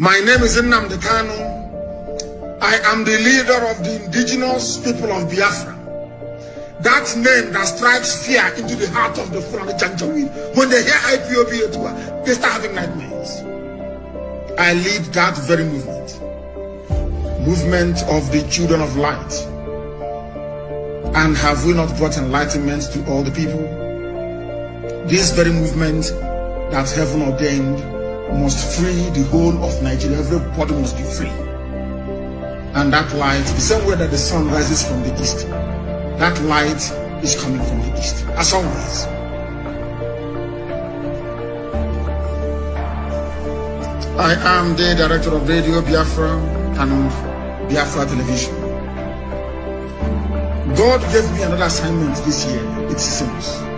My name is Nnamdi Kanu. I am the leader of the indigenous people of Biafra. That name that strikes fear into the heart of the Fulani Janjaweed. When they hear IPOB they start having nightmares. I lead that very movement. Movement of the children of light. And have we not brought enlightenment to all the people? This very movement that heaven ordained must free the whole of Nigeria. Everybody must be free. And that light, the same way that the sun rises from the east, that light is coming from the east, as always. I am the director of Radio Biafra and Biafra Television. God gave me another assignment this year. It's simple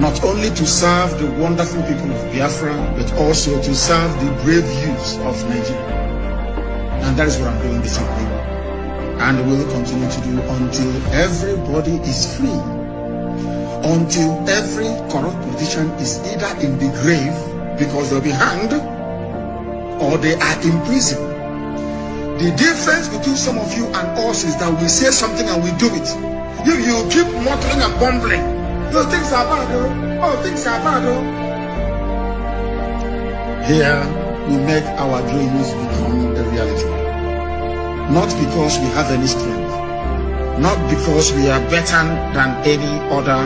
not only to serve the wonderful people of Biafra, but also to serve the brave youths of Nigeria. And that is what I'm doing this evening. And will continue to do until everybody is free. Until every corrupt politician is either in the grave because they'll be hanged or they are in prison. The difference between some of you and us is that we say something and we do it. If you keep muttering and bumbling. Those things are bad, though. Oh, things are bad, though. Here, we make our dreams become a reality. Not because we have any strength. Not because we are better than any other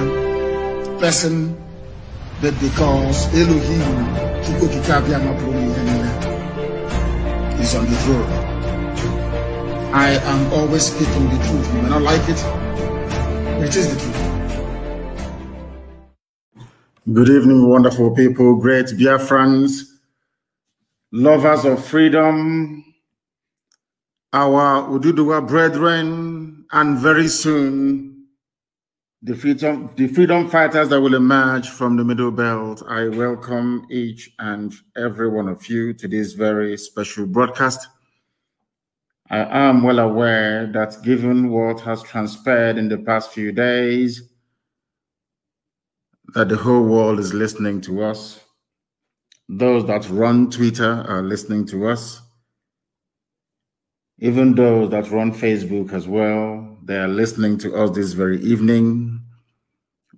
person, but because Elohim is on the throne. I am always speaking the truth. You may not like it, but it is the truth. Good evening, wonderful people, great Biafrans, lovers of freedom, our Ududua brethren, and very soon the freedom, the freedom fighters that will emerge from the Middle Belt. I welcome each and every one of you to this very special broadcast. I am well aware that given what has transpired in the past few days, that the whole world is listening to us. Those that run Twitter are listening to us. Even those that run Facebook as well, they are listening to us this very evening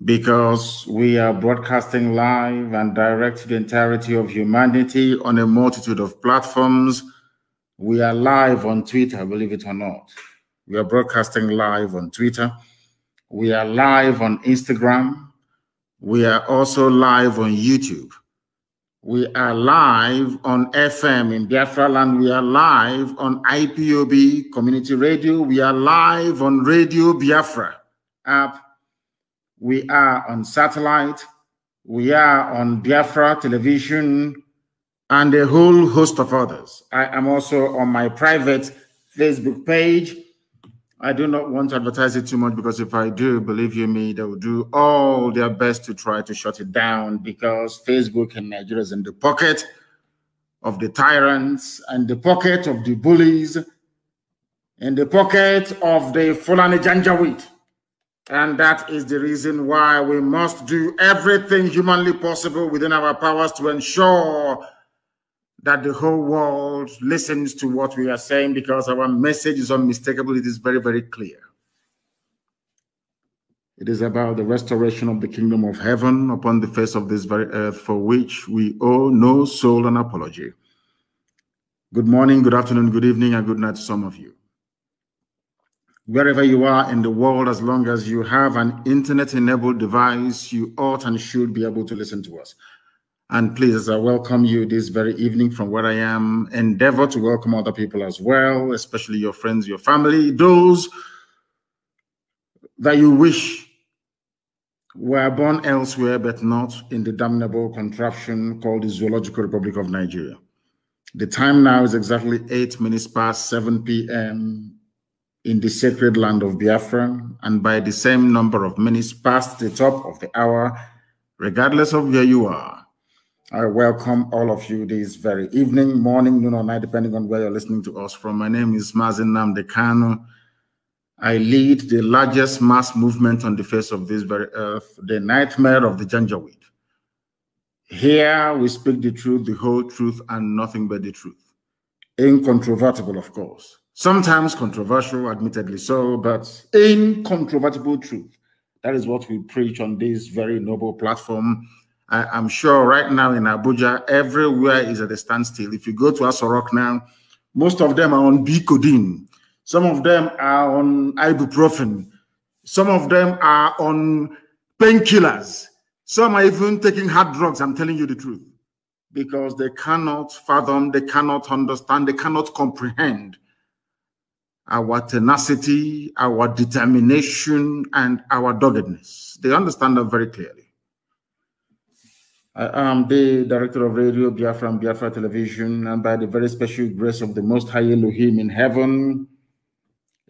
because we are broadcasting live and direct to the entirety of humanity on a multitude of platforms. We are live on Twitter, believe it or not. We are broadcasting live on Twitter. We are live on Instagram. We are also live on YouTube. We are live on FM in Biafra land. We are live on IPOB community radio. We are live on Radio Biafra app. We are on satellite. We are on Biafra television and a whole host of others. I am also on my private Facebook page I do not want to advertise it too much because if I do, believe you me, they will do all their best to try to shut it down because Facebook in Nigeria is in the pocket of the tyrants and the pocket of the bullies in the pocket of the Fulani Janjaweed. And that is the reason why we must do everything humanly possible within our powers to ensure that the whole world listens to what we are saying because our message is unmistakable. It is very, very clear. It is about the restoration of the kingdom of heaven upon the face of this very earth, for which we owe no soul an apology. Good morning, good afternoon, good evening, and good night to some of you. Wherever you are in the world, as long as you have an internet enabled device, you ought and should be able to listen to us. And please, as I welcome you this very evening from where I am, endeavor to welcome other people as well, especially your friends, your family, those that you wish were born elsewhere, but not in the damnable contraption called the Zoological Republic of Nigeria. The time now is exactly eight minutes past 7 p.m. in the sacred land of Biafra, and by the same number of minutes past the top of the hour, regardless of where you are I welcome all of you this very evening, morning, noon, or night, depending on where you're listening to us from. My name is Mazin Namdekano. I lead the largest mass movement on the face of this very earth, the nightmare of the Janjaweed. Here we speak the truth, the whole truth, and nothing but the truth. Incontrovertible, of course. Sometimes controversial, admittedly so, but incontrovertible truth. That is what we preach on this very noble platform I, am sure right now in Abuja, everywhere is at a standstill. If you go to Asorok now, most of them are on Bicodin. Some of them are on ibuprofen. Some of them are on painkillers. Some are even taking hard drugs. I'm telling you the truth. Because they cannot fathom, they cannot understand, they cannot comprehend our tenacity, our determination, and our doggedness. They understand that very clearly. I am the director of radio Biafra and Biafra Television, and by the very special grace of the Most High Elohim in heaven,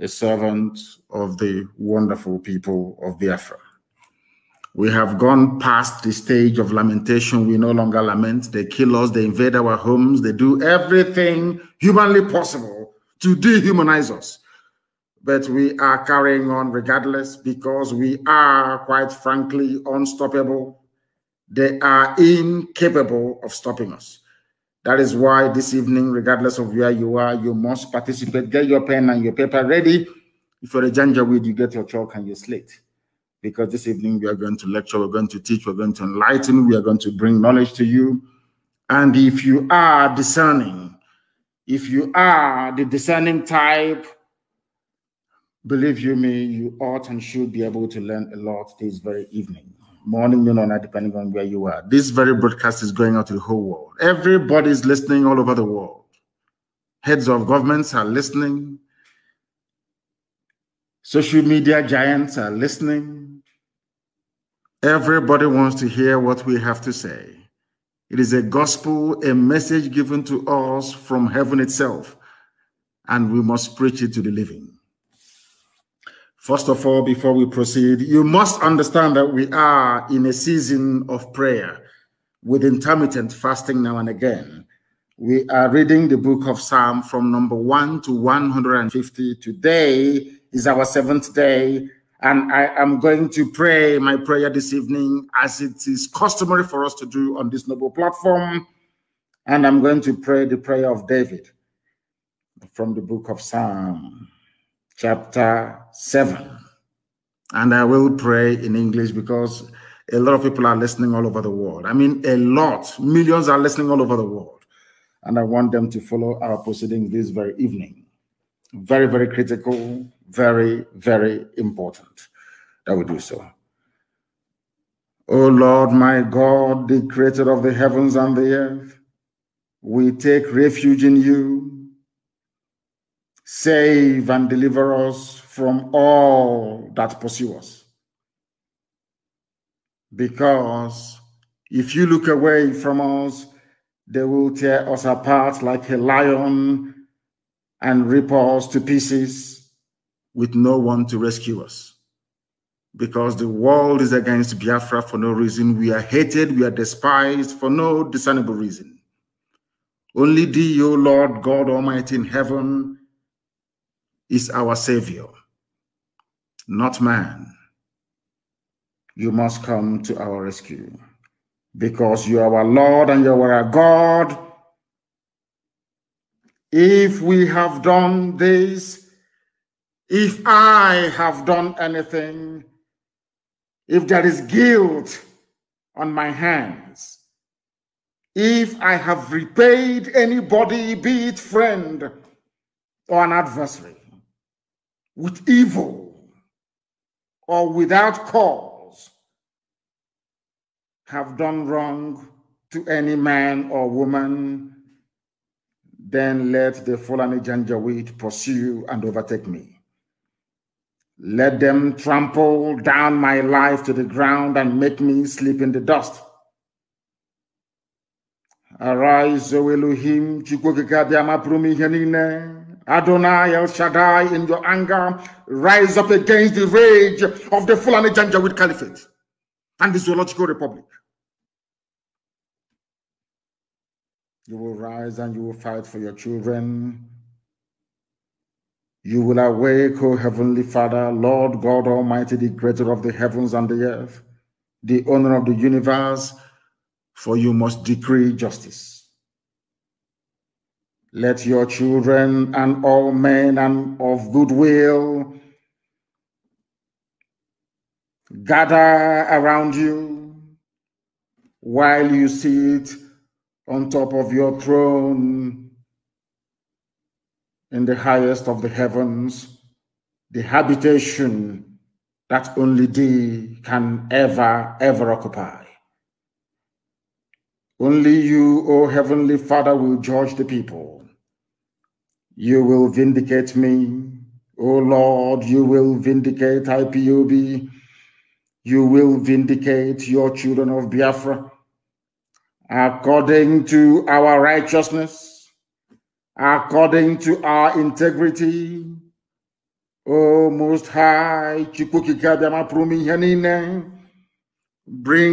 a servant of the wonderful people of Biafra. We have gone past the stage of lamentation. We no longer lament. They kill us, they invade our homes, they do everything humanly possible to dehumanize us. But we are carrying on regardless because we are, quite frankly, unstoppable they are incapable of stopping us. That is why this evening, regardless of where you are, you must participate. Get your pen and your paper ready. If you're a Janjaweed, you get your chalk and your slate. Because this evening we are going to lecture, we're going to teach, we're going to enlighten, we are going to bring knowledge to you. And if you are discerning, if you are the discerning type, believe you me, you ought and should be able to learn a lot this very evening morning, noon, or night, depending on where you are. This very broadcast is going out to the whole world. Everybody is listening all over the world. Heads of governments are listening. Social media giants are listening. Everybody wants to hear what we have to say. It is a gospel, a message given to us from heaven itself, and we must preach it to the living. First of all, before we proceed, you must understand that we are in a season of prayer with intermittent fasting now and again. We are reading the book of Psalm from number 1 to 150. Today is our seventh day, and I am going to pray my prayer this evening as it is customary for us to do on this noble platform. And I'm going to pray the prayer of David from the book of Psalm chapter 7. And I will pray in English because a lot of people are listening all over the world. I mean, a lot, millions are listening all over the world. And I want them to follow our proceedings this very evening. Very, very critical, very, very important that we do so. O oh Lord, my God, the creator of the heavens and the earth, we take refuge in you Save and deliver us from all that pursue us. Because if you look away from us, they will tear us apart like a lion and rip us to pieces with no one to rescue us. Because the world is against Biafra for no reason. We are hated, we are despised for no discernible reason. Only thee, O Lord God Almighty in heaven, is our Savior, not man. You must come to our rescue because you are our Lord and you are our God. If we have done this, if I have done anything, if there is guilt on my hands, if I have repaid anybody, be it friend or an adversary, with evil or without cause have done wrong to any man or woman, then let the Fulani Janjaweed pursue and overtake me. Let them trample down my life to the ground and make me sleep in the dust. Arise, O Elohim, Chukwokeka, Diama, Prumi, Henine. Adonai El Shaddai, in your anger, rise up against the rage of the Fulani Janjaweed Caliphate and the Zoological Republic. You will rise and you will fight for your children. You will awake, O Heavenly Father, Lord God Almighty, the creator of the heavens and the earth, the owner of the universe, for you must decree justice. Let your children and all men and of goodwill gather around you while you sit on top of your throne in the highest of the heavens, the habitation that only thee can ever, ever occupy. Only you, O Heavenly Father, will judge the people. You will vindicate me. O Lord, you will vindicate IPUB. You will vindicate your children of Biafra according to our righteousness, according to our integrity. O Most High, bring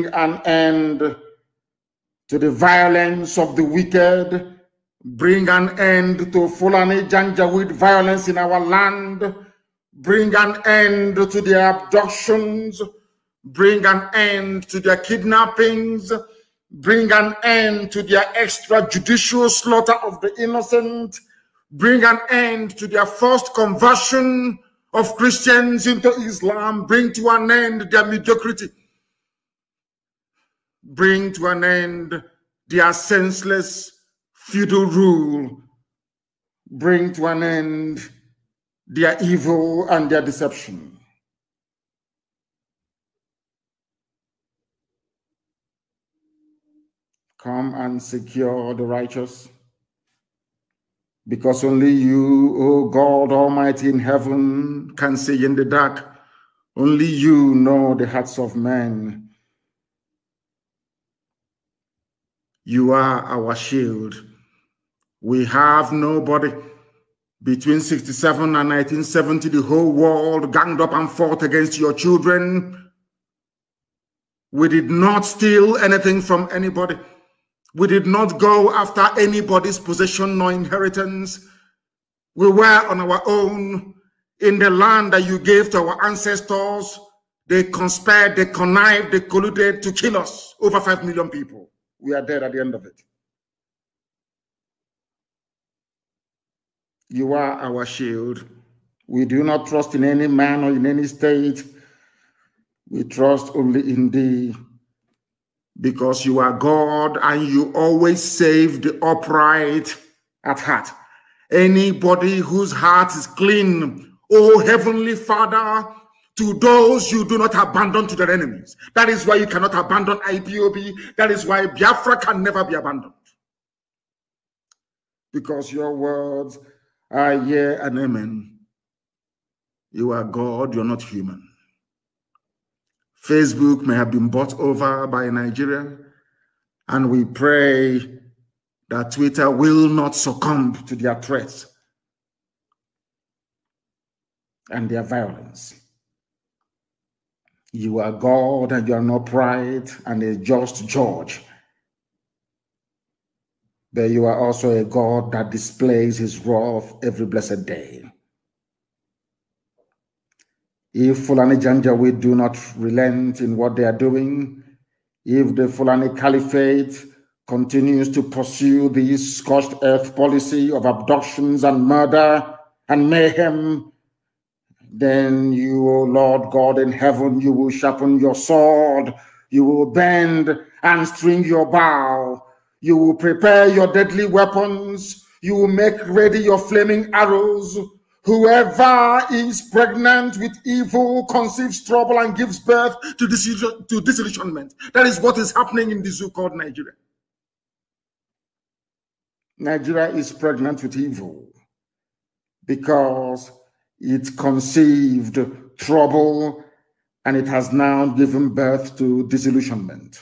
an end to the violence of the wicked Bring an end to Fulani Janjaweed violence in our land. Bring an end to their abductions. Bring an end to their kidnappings. Bring an end to their extrajudicial slaughter of the innocent. Bring an end to their forced conversion of Christians into Islam. Bring to an end their mediocrity. Bring to an end their senseless feudal rule bring to an end their evil and their deception. Come and secure the righteous, because only you, O God Almighty in heaven, can see in the dark. Only you know the hearts of men. You are our shield we have nobody. Between 67 and 1970, the whole world ganged up and fought against your children. We did not steal anything from anybody. We did not go after anybody's possession nor inheritance. We were on our own in the land that you gave to our ancestors. They conspired, they connived, they colluded to kill us. Over 5 million people. We are dead at the end of it. You are our shield. We do not trust in any man or in any state. We trust only in thee because you are God and you always save the upright at heart. Anybody whose heart is clean, oh Heavenly Father, to those you do not abandon to their enemies. That is why you cannot abandon IPOB. That is why Biafra can never be abandoned. Because your words I hear an amen. You are God, you're not human. Facebook may have been bought over by Nigeria, and we pray that Twitter will not succumb to their threats and their violence. You are God and you are not pride and a just judge but you are also a God that displays his wrath every blessed day. If Fulani Janjaweed do not relent in what they are doing, if the Fulani Caliphate continues to pursue this scorched earth policy of abductions and murder and mayhem, then you, O Lord God in heaven, you will sharpen your sword, you will bend and string your bow, you will prepare your deadly weapons. You will make ready your flaming arrows. Whoever is pregnant with evil conceives trouble and gives birth to, disillusion, to disillusionment. That is what is happening in this zoo called Nigeria. Nigeria is pregnant with evil because it conceived trouble and it has now given birth to disillusionment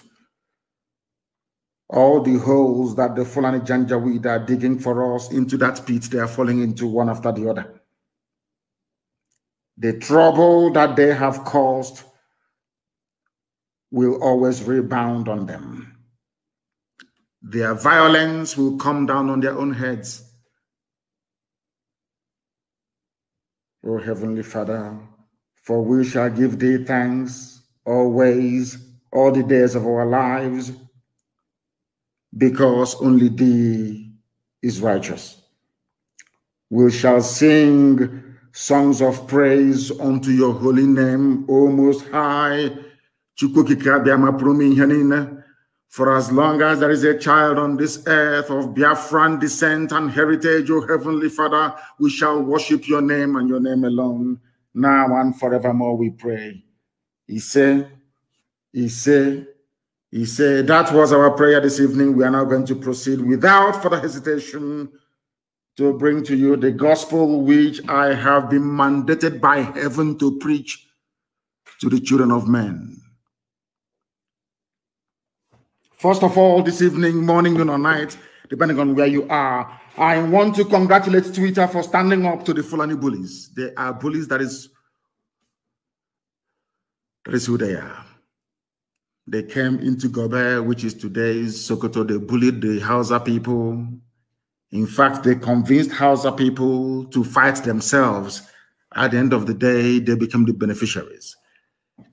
all the holes that the Fulani Janjaweed are digging for us into that pit, they are falling into one after the other. The trouble that they have caused will always rebound on them. Their violence will come down on their own heads. O Heavenly Father, for we shall give thee thanks always, all the days of our lives because only thee is righteous. We shall sing songs of praise unto your holy name, O Most High. For as long as there is a child on this earth of Biafran descent and heritage, O Heavenly Father, we shall worship your name and your name alone, now and forevermore, we pray. He said, He said, he said, That was our prayer this evening. We are now going to proceed without further hesitation to bring to you the gospel which I have been mandated by heaven to preach to the children of men. First of all, this evening, morning, noon, or night, depending on where you are, I want to congratulate Twitter for standing up to the Fulani bullies. They are bullies, that is, that is who they are. They came into Gober, which is today's Sokoto. They bullied the Hausa people. In fact, they convinced Hausa people to fight themselves. At the end of the day, they became the beneficiaries.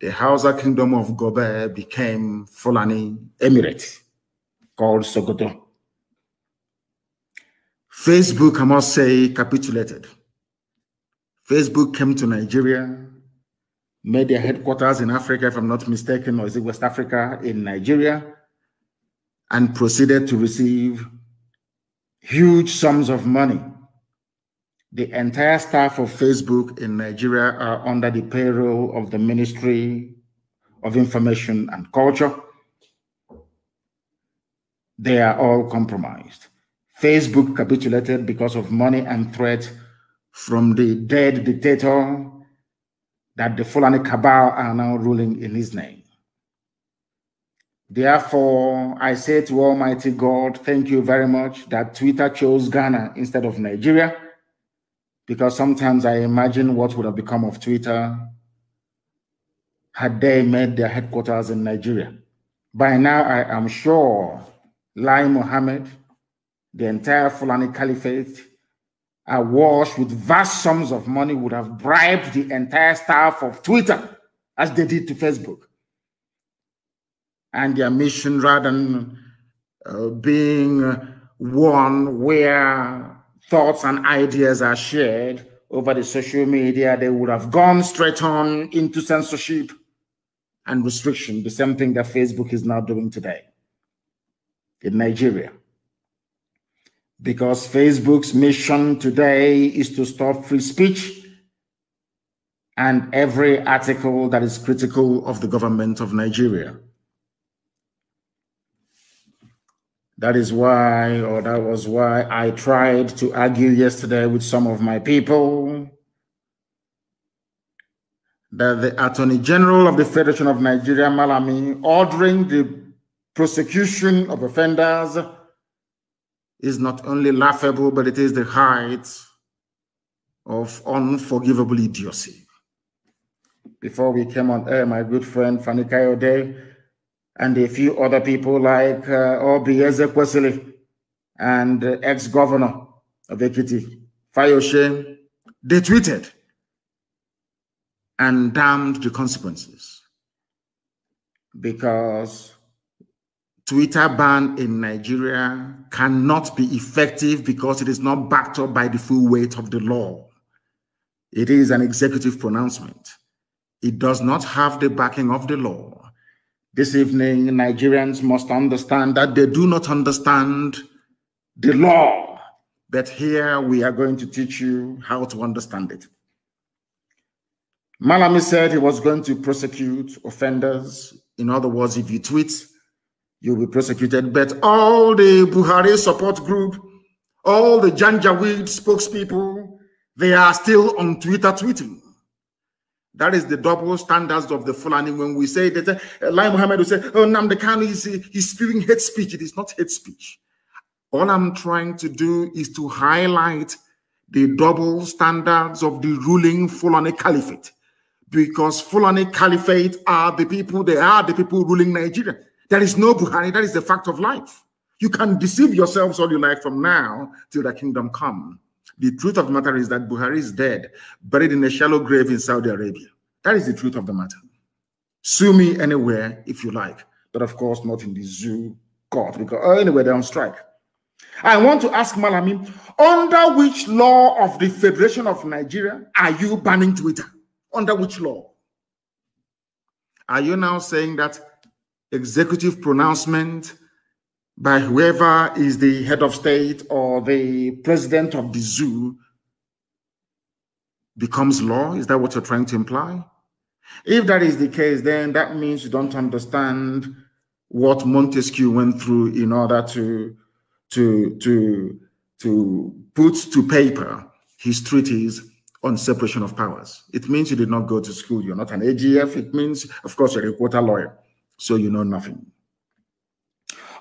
The Hausa kingdom of Gober became Fulani Emirate, called Sokoto. Facebook, I must say, capitulated. Facebook came to Nigeria made their headquarters in Africa, if I'm not mistaken, or is it West Africa, in Nigeria, and proceeded to receive huge sums of money. The entire staff of Facebook in Nigeria are under the payroll of the Ministry of Information and Culture. They are all compromised. Facebook capitulated because of money and threat from the dead dictator that the Fulani cabal are now ruling in his name. Therefore, I say to Almighty God, thank you very much that Twitter chose Ghana instead of Nigeria, because sometimes I imagine what would have become of Twitter had they made their headquarters in Nigeria. By now, I am sure Lai Mohammed, the entire Fulani Caliphate, uh, Walsh, with vast sums of money, would have bribed the entire staff of Twitter, as they did to Facebook. And their mission, rather than uh, being one where thoughts and ideas are shared over the social media, they would have gone straight on into censorship and restriction, the same thing that Facebook is now doing today in Nigeria because Facebook's mission today is to stop free speech and every article that is critical of the government of Nigeria. That is why, or that was why, I tried to argue yesterday with some of my people that the Attorney General of the Federation of Nigeria, Malami, ordering the prosecution of offenders is not only laughable, but it is the height of unforgivable idiocy. Before we came on air, my good friend Fanny Kayode and a few other people like uh, Obi Ezekwesi and uh, ex-governor of Ekiti, Fayoshe, they tweeted and damned the consequences because Twitter ban in Nigeria cannot be effective because it is not backed up by the full weight of the law. It is an executive pronouncement. It does not have the backing of the law. This evening, Nigerians must understand that they do not understand the law. But here we are going to teach you how to understand it. Malami said he was going to prosecute offenders. In other words, if you tweet, you'll be prosecuted. But all the Buhari support group, all the Janjaweed spokespeople, they are still on Twitter tweeting. That is the double standards of the Fulani. When we say that, uh, Lai Muhammad will say, oh, Namde Khan is uh, he's spewing hate speech. It is not hate speech. All I'm trying to do is to highlight the double standards of the ruling Fulani Caliphate. Because Fulani Caliphate are the people, they are the people ruling Nigeria. There is no Buhari. That is the fact of life. You can deceive yourselves all you like from now till the kingdom come. The truth of the matter is that Buhari is dead, buried in a shallow grave in Saudi Arabia. That is the truth of the matter. Sue me anywhere if you like, but of course not in the zoo court because uh, anyway they're on strike. I want to ask Malami, under which law of the Federation of Nigeria are you banning Twitter? Under which law? Are you now saying that executive pronouncement by whoever is the head of state or the president of the zoo becomes law? Is that what you're trying to imply? If that is the case, then that means you don't understand what Montesquieu went through in order to, to, to, to put to paper his treatise on separation of powers. It means you did not go to school. You're not an AGF. It means, of course, you're a quota lawyer so you know nothing.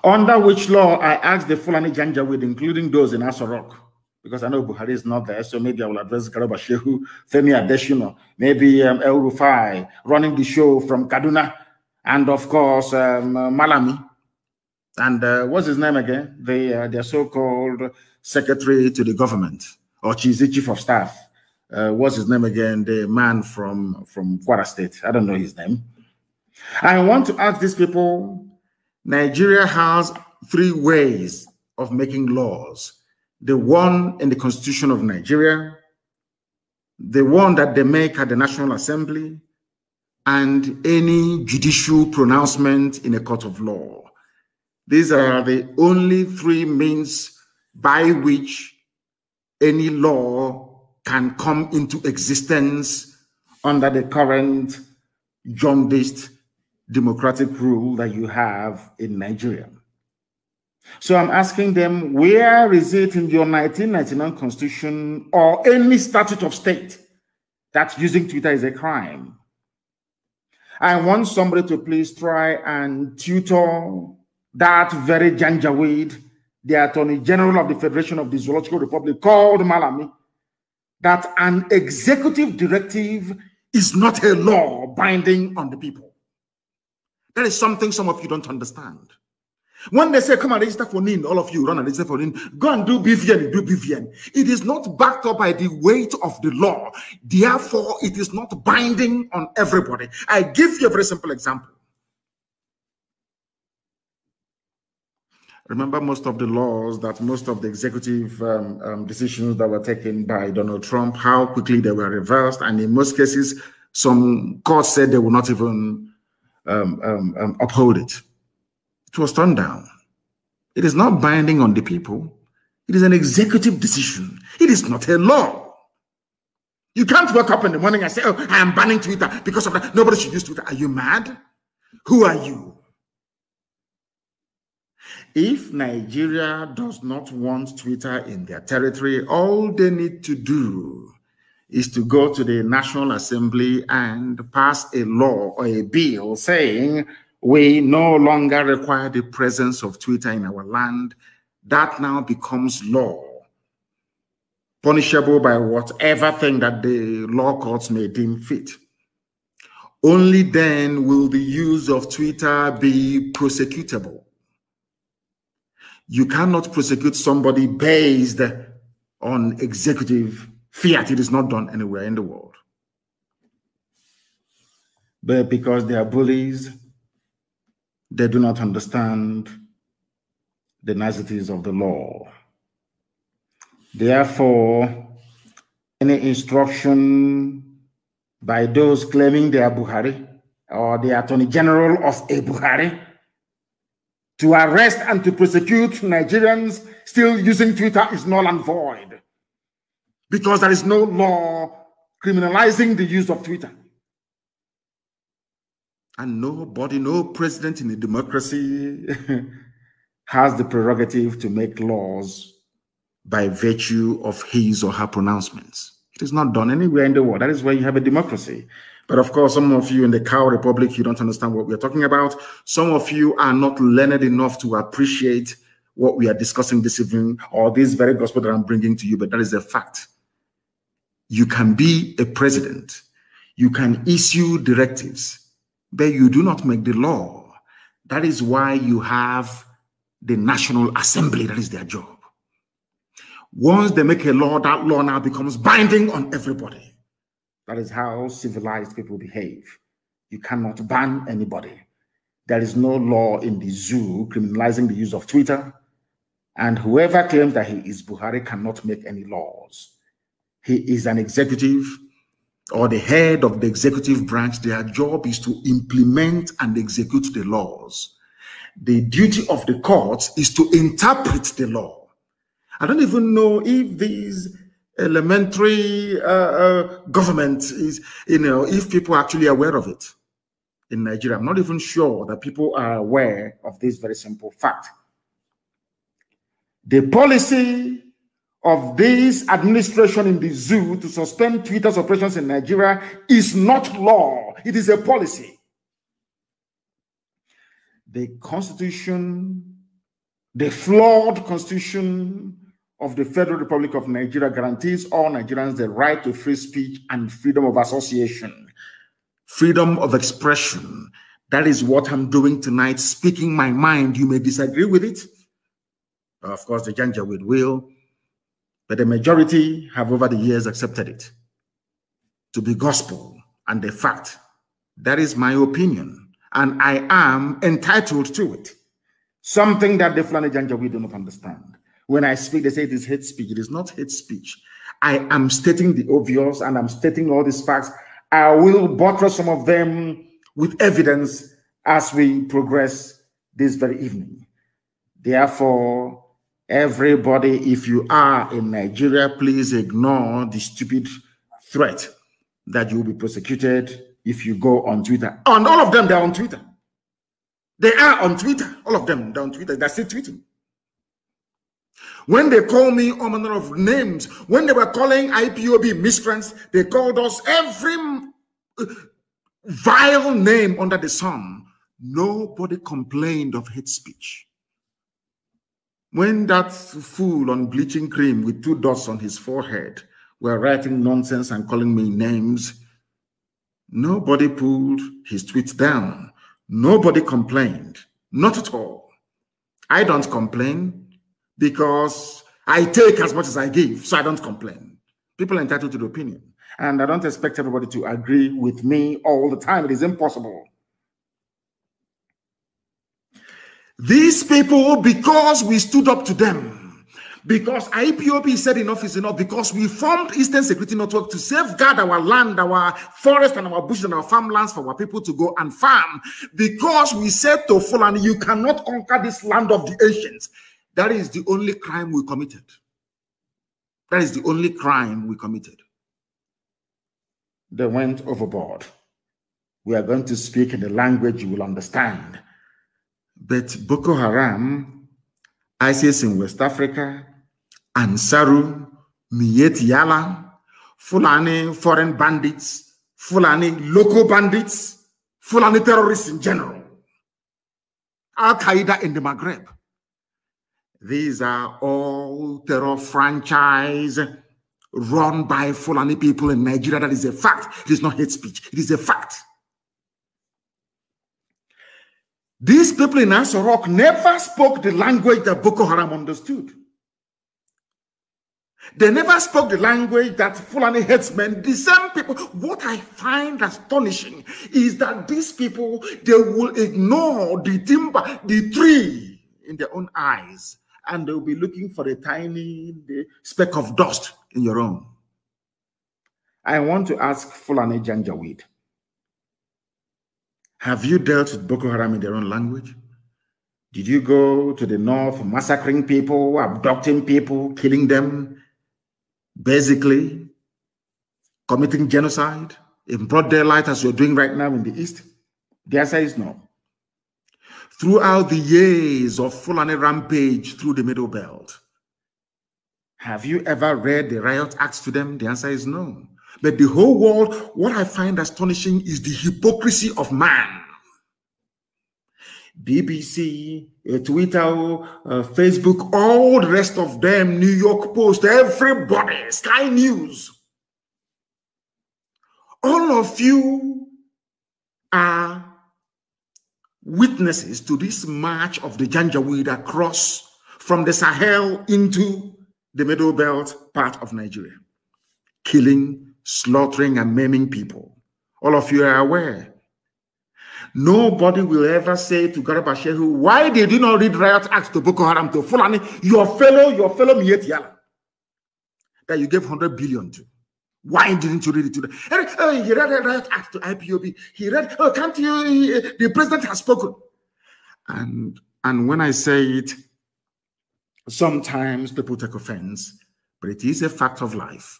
Under which law I asked the Fulani Janjaweed, including those in Asorok, because I know Buhari is not there, so maybe I will address Garba Shehu, Femi Adeshino, maybe um, El Rufai, running the show from Kaduna, and of course um, uh, Malami, and uh, what's his name again? The uh, their so-called secretary to the government, or she's the chief of staff. Uh, what's his name again? The man from from Kwara State. I don't know his name. I want to ask these people Nigeria has three ways of making laws the one in the Constitution of Nigeria, the one that they make at the National Assembly, and any judicial pronouncement in a court of law. These are the only three means by which any law can come into existence under the current jaundiced democratic rule that you have in Nigeria. So I'm asking them, where is it in your 1999 constitution or any statute of state that using Twitter is a crime? I want somebody to please try and tutor that very Janjaweed, the Attorney General of the Federation of the Zoological Republic, called Malami, that an executive directive is not a law binding on the people. That is something some of you don't understand. When they say, come and register for NIN, all of you run and register for NIN, go and do BVN, do BVN. It is not backed up by the weight of the law. Therefore, it is not binding on everybody. I give you a very simple example. Remember most of the laws that most of the executive um, um, decisions that were taken by Donald Trump, how quickly they were reversed. And in most cases, some courts said they will not even um, um, um, uphold it. It was turned down. It is not binding on the people. It is an executive decision. It is not a law. You can't wake up in the morning and say, Oh, I am banning Twitter because of that. Nobody should use Twitter. Are you mad? Who are you? If Nigeria does not want Twitter in their territory, all they need to do is to go to the National Assembly and pass a law or a bill saying we no longer require the presence of Twitter in our land. That now becomes law, punishable by whatever thing that the law courts may deem fit. Only then will the use of Twitter be prosecutable. You cannot prosecute somebody based on executive Fiat, it is not done anywhere in the world. But because they are bullies, they do not understand the niceties of the law. Therefore, any instruction by those claiming they are Buhari or the Attorney General of a Buhari to arrest and to prosecute Nigerians still using Twitter is null and void because there is no law criminalizing the use of Twitter. And nobody, no president in a democracy has the prerogative to make laws by virtue of his or her pronouncements. It is not done anywhere in the world. That is where you have a democracy. But of course, some of you in the cow republic, you don't understand what we're talking about. Some of you are not learned enough to appreciate what we are discussing this evening or this very gospel that I'm bringing to you, but that is a fact. You can be a president. You can issue directives, but you do not make the law. That is why you have the National Assembly. That is their job. Once they make a law, that law now becomes binding on everybody. That is how civilized people behave. You cannot ban anybody. There is no law in the zoo criminalizing the use of Twitter. And whoever claims that he is Buhari cannot make any laws. He is an executive or the head of the executive branch. Their job is to implement and execute the laws. The duty of the courts is to interpret the law. I don't even know if these elementary uh, uh, government is, you know, if people are actually aware of it in Nigeria. I'm not even sure that people are aware of this very simple fact. The policy of this administration in the zoo to suspend Twitter's operations in Nigeria is not law, it is a policy. The constitution, the flawed constitution of the Federal Republic of Nigeria guarantees all Nigerians the right to free speech and freedom of association, freedom of expression. That is what I'm doing tonight, speaking my mind. You may disagree with it. Of course, the Janjaweed will but the majority have over the years accepted it to be gospel and the fact. That is my opinion. And I am entitled to it. Something that the Flanagan we do not understand. When I speak, they say it is hate speech. It is not hate speech. I am stating the obvious and I'm stating all these facts. I will buttress some of them with evidence as we progress this very evening. Therefore, Everybody, if you are in Nigeria, please ignore the stupid threat that you'll be prosecuted if you go on Twitter. And all of them, they're on Twitter. They are on Twitter. All of them, they're on Twitter. They're still tweeting. When they call me all manner of names, when they were calling IPOB miscreants, they called us every uh, vile name under the sun. Nobody complained of hate speech. When that fool on bleaching cream with two dots on his forehead were writing nonsense and calling me names, nobody pulled his tweets down. Nobody complained. Not at all. I don't complain because I take as much as I give, so I don't complain. People are entitled to the opinion. And I don't expect everybody to agree with me all the time. It is impossible. These people, because we stood up to them, because IPOP said enough is enough, because we formed Eastern Security Network to safeguard our land, our forest, and our bushes and our farmlands for our people to go and farm, because we said to Fulani, you cannot conquer this land of the ancients. That is the only crime we committed. That is the only crime we committed. They went overboard. We are going to speak in a language you will understand but Boko Haram, ISIS in West Africa, Ansaru, Miet Yala, Fulani foreign bandits, Fulani local bandits, Fulani terrorists in general, Al Qaeda in the Maghreb. These are all terror franchise run by Fulani people in Nigeria. That is a fact. It is not hate speech. It is a fact. These people in Asorok never spoke the language that Boko Haram understood. They never spoke the language that Fulani headsmen, the same people. What I find astonishing is that these people, they will ignore the timber, the tree in their own eyes, and they'll be looking for a tiny speck of dust in your own. I want to ask Fulani Janjaweed have you dealt with Boko Haram in their own language? Did you go to the north massacring people, abducting people, killing them, basically committing genocide in broad daylight as you're doing right now in the east? The answer is no. Throughout the years of Fulani rampage through the Middle Belt, have you ever read the riot acts to them? The answer is no. But the whole world, what I find astonishing is the hypocrisy of man. BBC, uh, Twitter, uh, Facebook, all the rest of them, New York Post, everybody, Sky News. All of you are witnesses to this march of the Janjaweed across from the Sahel into the Middle Belt part of Nigeria, killing, slaughtering and maiming people. All of you are aware. Nobody will ever say to Garba Shehu, why did you not read riot acts to Boko Haram, to Fulani, your fellow, your fellow Mietiala, that you gave 100 billion to? Why didn't you read it to them? he read a riot act to IPOB. He read, oh, can't you, he, the president has spoken. And, and when I say it, sometimes people take offense, but it is a fact of life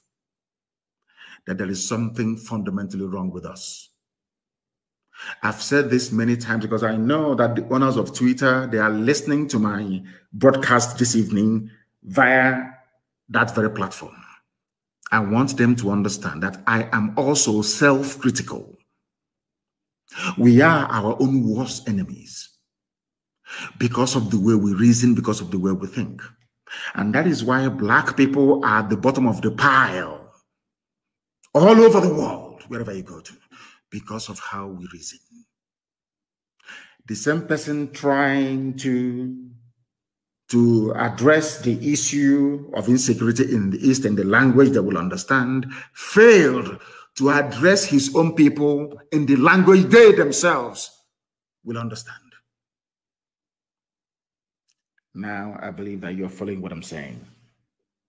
that there is something fundamentally wrong with us. I've said this many times because I know that the owners of Twitter, they are listening to my broadcast this evening via that very platform. I want them to understand that I am also self critical. We are our own worst enemies because of the way we reason, because of the way we think. And that is why black people are at the bottom of the pile all over the world, wherever you go to, because of how we reason. The same person trying to to address the issue of insecurity in the East in the language they will understand, failed to address his own people in the language they themselves will understand. Now, I believe that you're following what I'm saying.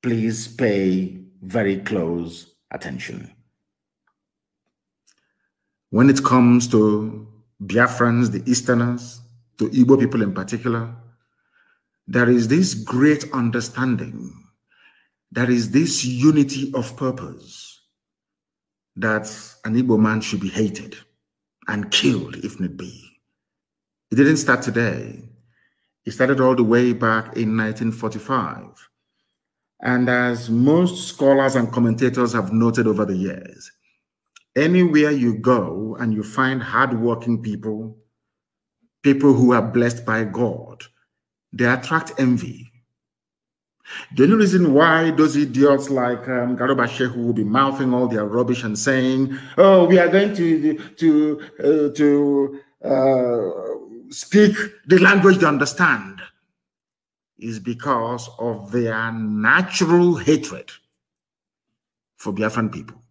Please pay very close attention. When it comes to Biafrans, the Easterners, to Igbo people in particular, there is this great understanding, there is this unity of purpose that an Igbo man should be hated and killed if need be. It didn't start today. It started all the way back in 1945 and as most scholars and commentators have noted over the years, anywhere you go and you find hardworking people, people who are blessed by God, they attract envy. The only reason why those idiots like um, Garoba Shehu will be mouthing all their rubbish and saying, "Oh, we are going to to uh, to uh, speak the language they understand," is because of their natural hatred for Biafran people.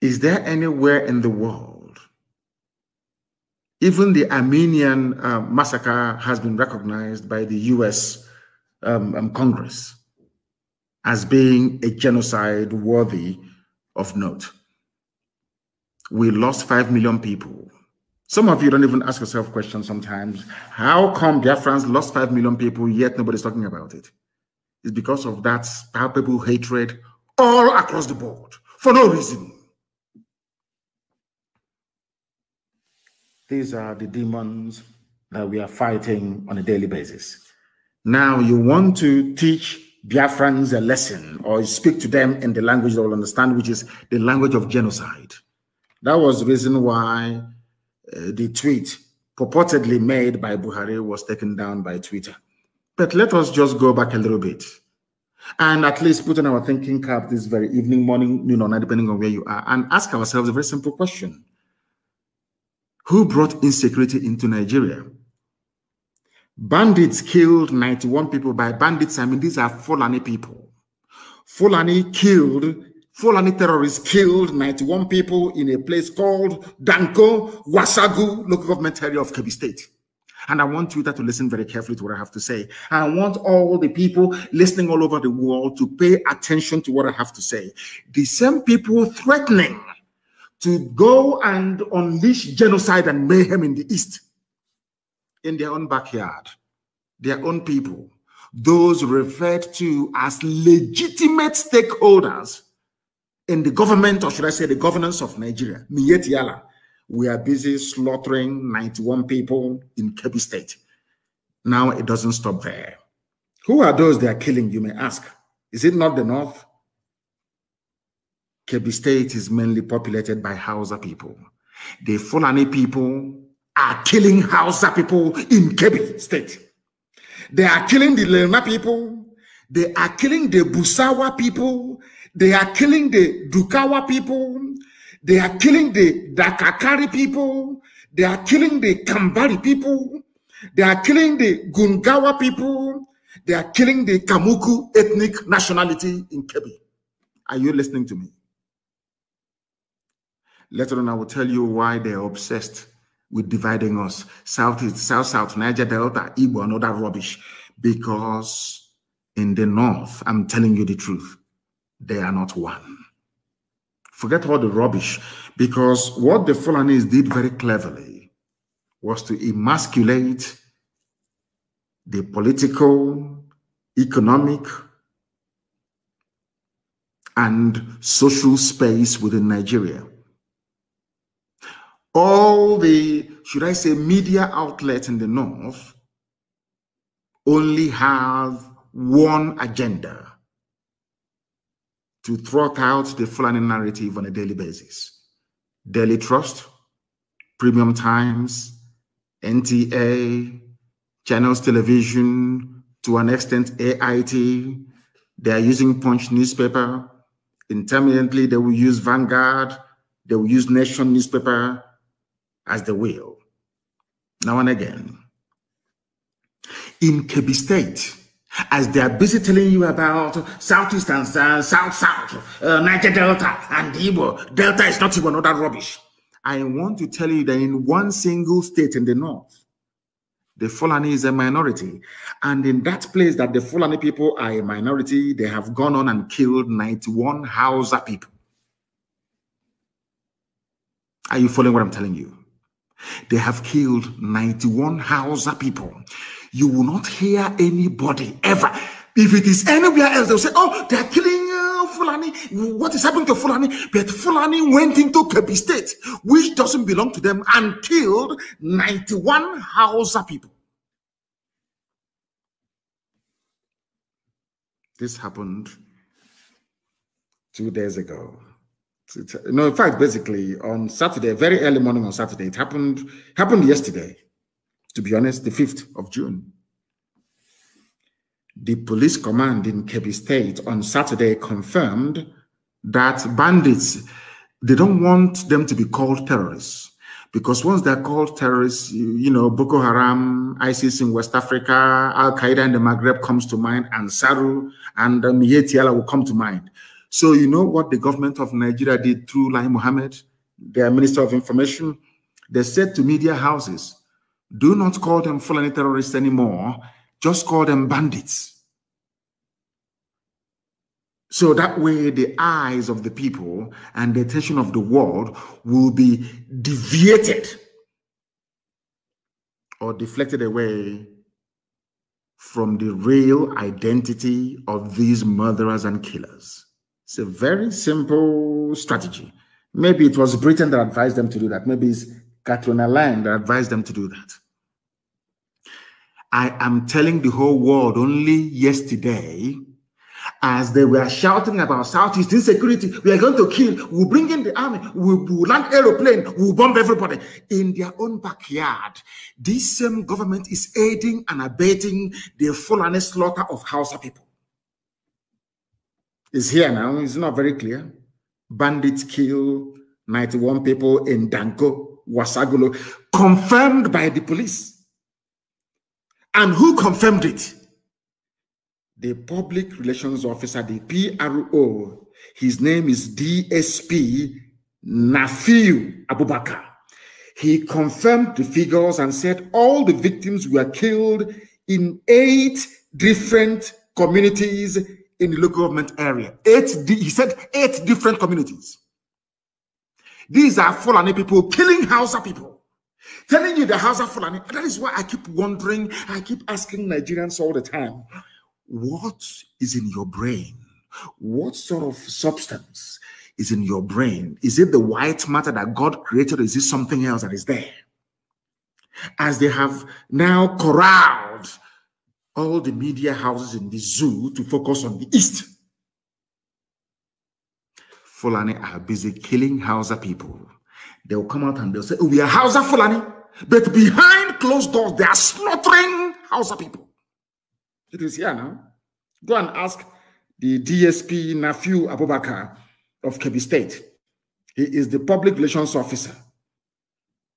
Is there anywhere in the world, even the Armenian uh, massacre has been recognized by the US um, um, Congress as being a genocide worthy of note? We lost 5 million people some of you don't even ask yourself questions sometimes. How come Biafrans lost 5 million people, yet nobody's talking about it? It's because of that palpable hatred all across the board for no reason. These are the demons that we are fighting on a daily basis. Now, you want to teach Biafrans a lesson or speak to them in the language they will understand, which is the language of genocide. That was the reason why uh, the tweet purportedly made by Buhari was taken down by Twitter. But let us just go back a little bit and at least put on our thinking cap this very evening, morning, you know, night, depending on where you are, and ask ourselves a very simple question Who brought insecurity into Nigeria? Bandits killed 91 people by bandits. I mean, these are Fulani people. Fulani killed Fulani terrorists killed 91 people in a place called Danko Wasagu local government area of Kebbi State. And I want Twitter to listen very carefully to what I have to say. I want all the people listening all over the world to pay attention to what I have to say. The same people threatening to go and unleash genocide and mayhem in the East, in their own backyard, their own people, those referred to as legitimate stakeholders in the government, or should I say the governance of Nigeria, Miyet we are busy slaughtering 91 people in Kebbi State. Now it doesn't stop there. Who are those they are killing, you may ask? Is it not the North? Kebbi State is mainly populated by Hausa people. The Fulani people are killing Hausa people in Kebbi State. They are killing the Lena people. They are killing the Busawa people. They are killing the Dukawa people. They are killing the Dakakari people. They are killing the Kambari people. They are killing the Gungawa people. They are killing the Kamuku ethnic nationality in Kebi. Are you listening to me? Later on, I will tell you why they are obsessed with dividing us. South East, South South, Niger Delta, Igbo, and all that rubbish. Because in the North, I'm telling you the truth, they are not one. Forget all the rubbish, because what the Fulanis did very cleverly was to emasculate the political, economic, and social space within Nigeria. All the, should I say, media outlets in the North only have one agenda to throw out the Fulani narrative on a daily basis. Daily Trust, Premium Times, NTA, Channels Television, to an extent AIT. They are using Punch newspaper. Intermittently, they will use Vanguard. They will use Nation newspaper as they will. Now and again. In Kebbi State, as they are busy telling you about Southeast and uh, South South, uh, Niger Delta and Igbo. Delta is not even all that rubbish. I want to tell you that in one single state in the north, the Fulani is a minority. And in that place that the Fulani people are a minority, they have gone on and killed 91 Hausa people. Are you following what I'm telling you? They have killed 91 Hausa people you will not hear anybody ever. If it is anywhere else, they'll say, Oh, they're killing uh, Fulani. What is happening to Fulani? But Fulani went into Kebbi State, which doesn't belong to them, and killed 91 Hausa people. This happened two days ago. No, in fact, basically on Saturday, very early morning on Saturday, it happened happened yesterday to be honest, the 5th of June. The police command in Kebbi State on Saturday confirmed that bandits, they don't want them to be called terrorists because once they're called terrorists, you, know, Boko Haram, ISIS in West Africa, Al Qaeda in the Maghreb comes to mind, and Saru and um, will come to mind. So you know what the government of Nigeria did through Lai Mohammed, their Minister of Information? They said to media houses, do not call them Fulani terrorists anymore. Just call them bandits. So that way, the eyes of the people and the attention of the world will be deviated or deflected away from the real identity of these murderers and killers. It's a very simple strategy. Maybe it was Britain that advised them to do that. Maybe it's Catherine Alain that advised them to do that. I am telling the whole world only yesterday, as they were shouting about Southeast insecurity, we are going to kill, we'll bring in the army, we'll, we'll land aeroplane, we'll bomb everybody in their own backyard. This same government is aiding and abetting the Fulani slaughter of Hausa people. It's here now, it's not very clear. Bandits kill 91 people in Danko, Wasagulo, confirmed by the police. And who confirmed it? The public relations officer, the PRO, his name is DSP Nafiu Abubakar. He confirmed the figures and said all the victims were killed in eight different communities in the local government area. Eight, he said eight different communities. These are Fulani people killing Hausa people telling you the of Fulani. That is why I keep wondering, I keep asking Nigerians all the time, what is in your brain? What sort of substance is in your brain? Is it the white matter that God created? is it something else that is there? As they have now corralled all the media houses in the zoo to focus on the East. Fulani are busy killing Hausa people they will come out and they'll say, oh, we are Hausa Fulani. But behind closed doors, they are slaughtering Hausa people. It is here now. Go and ask the DSP Nafiu Abubakar of Kebbi State. He is the public relations officer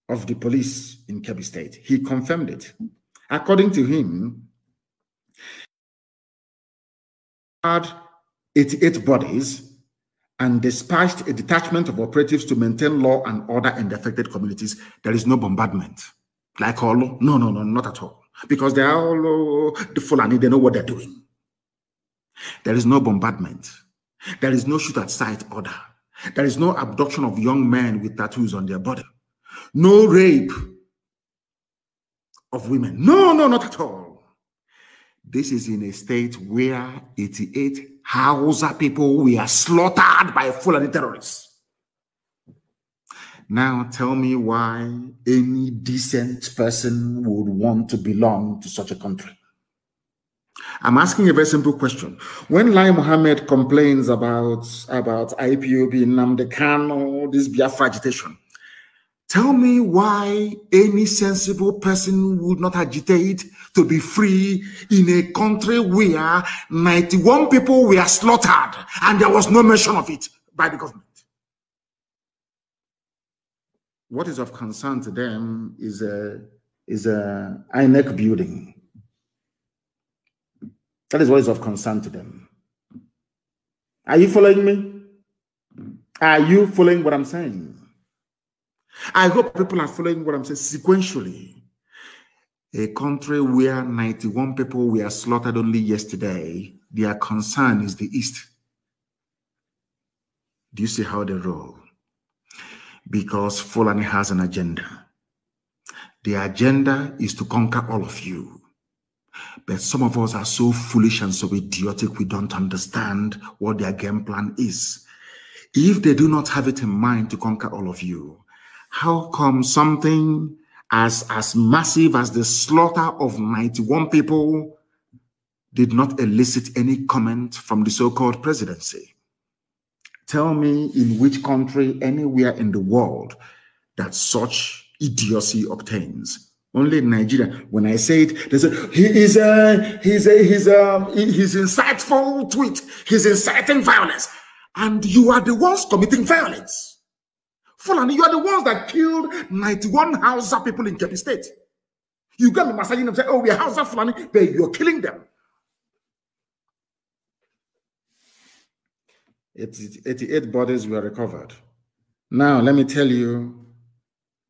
of the police in Kebbi State. He confirmed it. According to him, had 88 bodies and dispatched a detachment of operatives to maintain law and order in the affected communities. There is no bombardment. Like all, no, no, no, not at all. Because they are all uh, the Fulani, they know what they're doing. There is no bombardment. There is no shoot at sight order. There is no abduction of young men with tattoos on their body. No rape of women. No, no, not at all. This is in a state where 88 Hausa people We are slaughtered by Fulani terrorists. Now tell me why any decent person would want to belong to such a country. I'm asking a very simple question. When Lai Mohammed complains about, about IPOB, Namdekano, this Biafra agitation, Tell me why any sensible person would not agitate to be free in a country where 91 people were slaughtered and there was no mention of it by the government. What is of concern to them is a is a INEC building. That is what is of concern to them. Are you following me? Are you following what I'm saying? I hope people are following what I'm saying sequentially. A country where 91 people were slaughtered only yesterday, their concern is the East. Do you see how they roll? Because Fulani has an agenda. The agenda is to conquer all of you. But some of us are so foolish and so idiotic, we don't understand what their game plan is. If they do not have it in mind to conquer all of you, how come something as, as massive as the slaughter of 91 people did not elicit any comment from the so called presidency? Tell me in which country anywhere in the world that such idiocy obtains. Only in Nigeria. When I say it, they say he is a he's a he's a um, he's insightful tweet. He's inciting violence, and you are the ones committing violence. Fulani, you are the ones that killed 91 Hausa people in Kebbi State. You got me massaging them, say, oh, we're Hausa Fulani, but you're killing them. 88 bodies were recovered. Now, let me tell you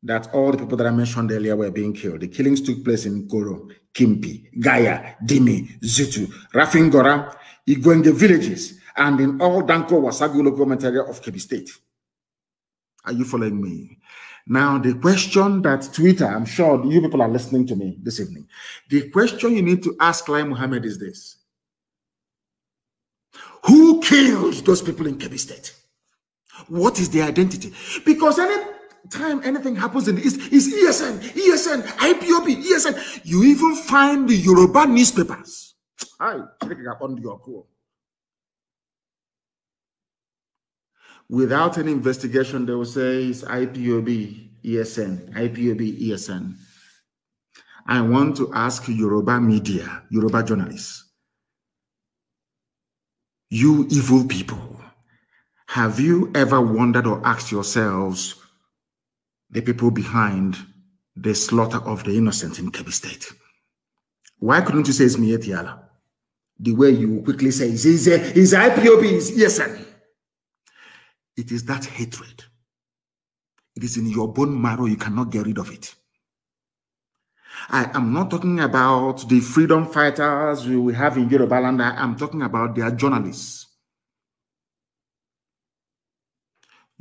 that all the people that I mentioned earlier were being killed. The killings took place in Goro, Kimpi, Gaia, Dimi, Zitu, Rafingora, Iguenge villages, and in all Danko Wasagu local government area of Kebbi State. Are you following me? Now, the question that Twitter, I'm sure you people are listening to me this evening. The question you need to ask Lai Muhammad is this Who killed those people in Kebbi State? What is their identity? Because any time anything happens in the East, it's ESN, ESN, IPOB, ESN. You even find the Yoruba newspapers. Hi, without any investigation, they will say it's IPOB ESN, IPOB ESN. I want to ask Yoruba media, Yoruba journalists, you evil people, have you ever wondered or asked yourselves the people behind the slaughter of the innocent in Kebbi State? Why couldn't you say it's Mietiala? The way you quickly say, it's IPOB, ESN. It is that hatred. It is in your bone marrow. You cannot get rid of it. I am not talking about the freedom fighters we have in Yoruba land. I am talking about their journalists.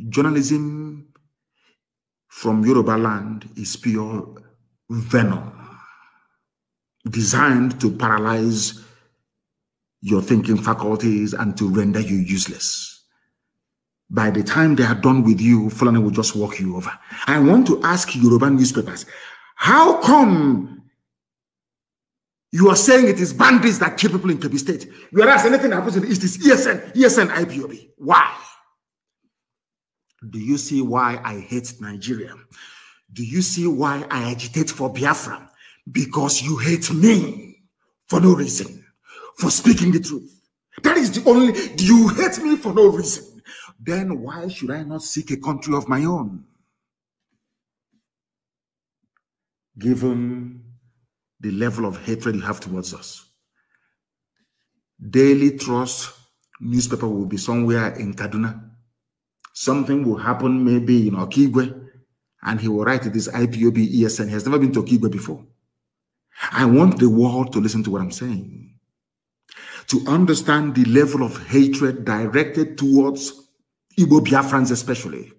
Journalism from Yoruba land is pure venom designed to paralyze your thinking faculties and to render you useless by the time they are done with you, Fulani will just walk you over. I want to ask Yoruba newspapers, how come you are saying it is bandits that kill people in Kebbi State? Whereas anything that happens in the East is ESN, ESN, IPOB. Why? Do you see why I hate Nigeria? Do you see why I agitate for Biafra? Because you hate me for no reason, for speaking the truth. That is the only, you hate me for no reason then why should I not seek a country of my own? Given the level of hatred you have towards us, Daily Trust newspaper will be somewhere in Kaduna. Something will happen maybe in Okigwe, and he will write this IPOB ESN. He has never been to Okigwe before. I want the world to listen to what I'm saying to understand the level of hatred directed towards Igbo Biafrans especially,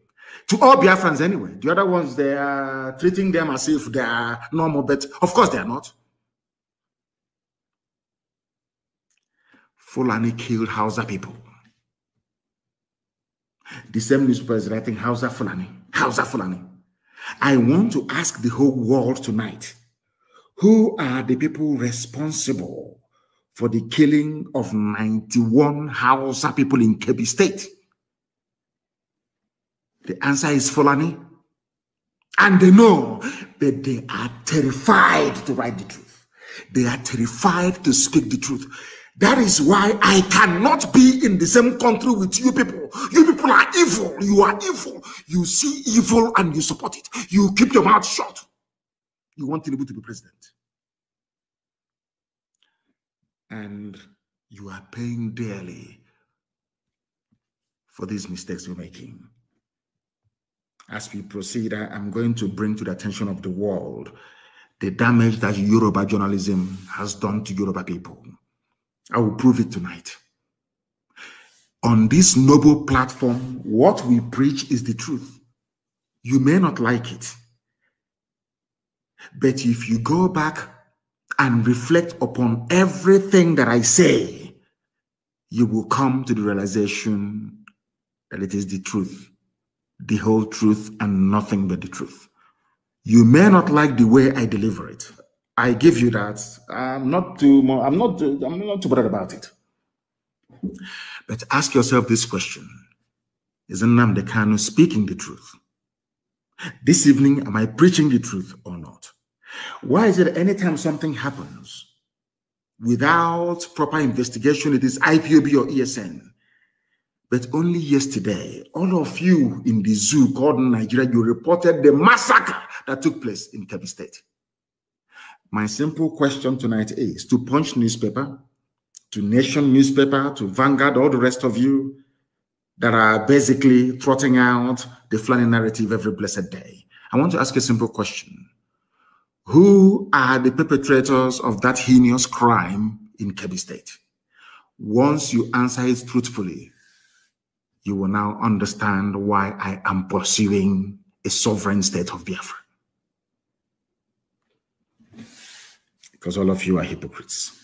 to all Biafrans anyway. The other ones, they are treating them as if they are normal, but of course they are not. Fulani killed Hausa people. The same newspaper is writing Hausa Fulani, Hausa Fulani. I want to ask the whole world tonight, who are the people responsible for the killing of 91 Hausa people in Kebbi State? The answer is Fulani. And they know, but they are terrified to write the truth. They are terrified to speak the truth. That is why I cannot be in the same country with you people. You people are evil. You are evil. You see evil and you support it. You keep your mouth shut. You want Tinubu to be president. And you are paying dearly for these mistakes you're making as we proceed, I, am going to bring to the attention of the world the damage that Yoruba journalism has done to Yoruba people. I will prove it tonight. On this noble platform, what we preach is the truth. You may not like it, but if you go back and reflect upon everything that I say, you will come to the realization that it is the truth the whole truth and nothing but the truth. You may not like the way I deliver it. I give you that. I'm not too. I'm not. Too, I'm not too bothered about it. But ask yourself this question: Is Nnamdi Kanu speaking the truth? This evening, am I preaching the truth or not? Why is it anytime something happens without proper investigation, it is IPOB or ESN? But only yesterday, all of you in the zoo called Nigeria, you reported the massacre that took place in Kebbi State. My simple question tonight is to Punch newspaper, to Nation newspaper, to Vanguard, all the rest of you that are basically trotting out the Fulani narrative every blessed day. I want to ask a simple question. Who are the perpetrators of that heinous crime in Kebbi State? Once you answer it truthfully, you will now understand why I am pursuing a sovereign state of Biafra. Because all of you are hypocrites.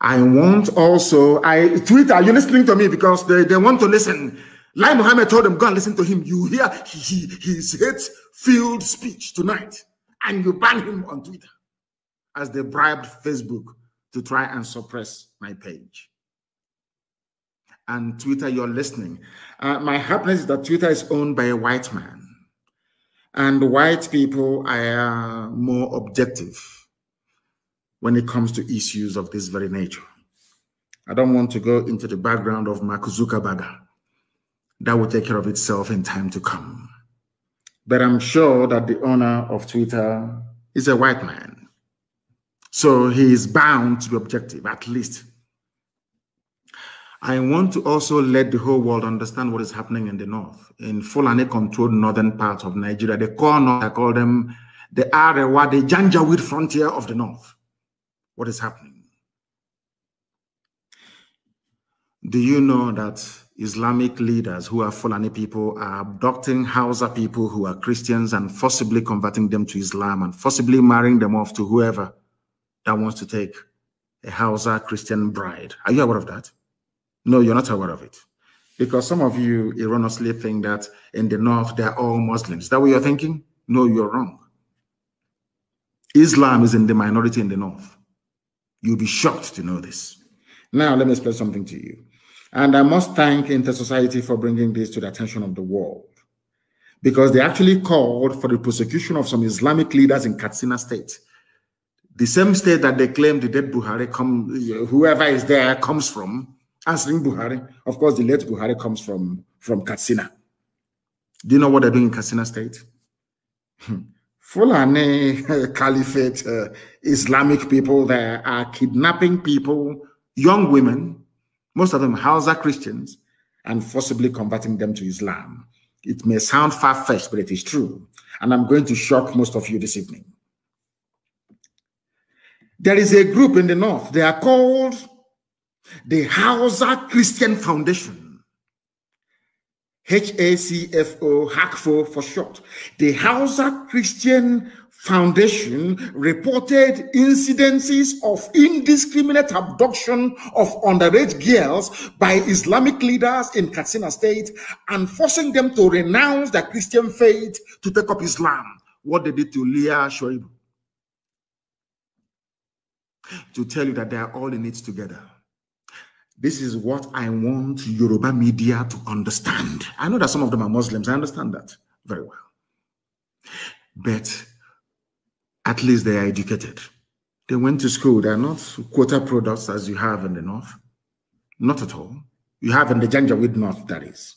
I want also, I tweet, are you listening to me? Because they, they want to listen. Lai Muhammad told them, go and listen to him. You hear he, he, his hate-filled speech tonight. And you ban him on Twitter as they bribed Facebook to try and suppress my page and Twitter, you're listening. Uh, my happiness is that Twitter is owned by a white man. And white people are more objective when it comes to issues of this very nature. I don't want to go into the background of Mark Zuckerberg. That will take care of itself in time to come. But I'm sure that the owner of Twitter is a white man. So he is bound to be objective, at least I want to also let the whole world understand what is happening in the north, in Fulani controlled northern part of Nigeria, the corner, I call them the Arewa, the Janjaweed frontier of the north. What is happening? Do you know that Islamic leaders who are Fulani people are abducting Hausa people who are Christians and forcibly converting them to Islam and forcibly marrying them off to whoever that wants to take a Hausa Christian bride? Are you aware of that? No, you're not aware of it. Because some of you erroneously think that in the north they're all Muslims. Is that what you're thinking? No, you're wrong. Islam is in the minority in the north. You'll be shocked to know this. Now, let me explain something to you. And I must thank Inter Society for bringing this to the attention of the world because they actually called for the prosecution of some Islamic leaders in Katsina state. The same state that they claim the dead Buhari come, whoever is there comes from, answering Buhari. Of course, the late Buhari comes from, from Katsina. Do you know what they're doing in Katsina State? Fulani Caliphate uh, Islamic people there are kidnapping people, young women, most of them Hausa Christians, and forcibly converting them to Islam. It may sound far fetched, but it is true. And I'm going to shock most of you this evening. There is a group in the north, they are called the Hausa Christian Foundation, HACFO, HACFO for short, the Hausa Christian Foundation reported incidences of indiscriminate abduction of underage girls by Islamic leaders in Katsina state and forcing them to renounce their Christian faith to take up Islam. What they did to Leah Shoaib. To tell you that they are all in it together. This is what I want Yoruba media to understand. I know that some of them are Muslims. I understand that very well. But at least they are educated. They went to school. They are not quota products as you have in the North. Not at all. You have in the Janjaweed North, that is.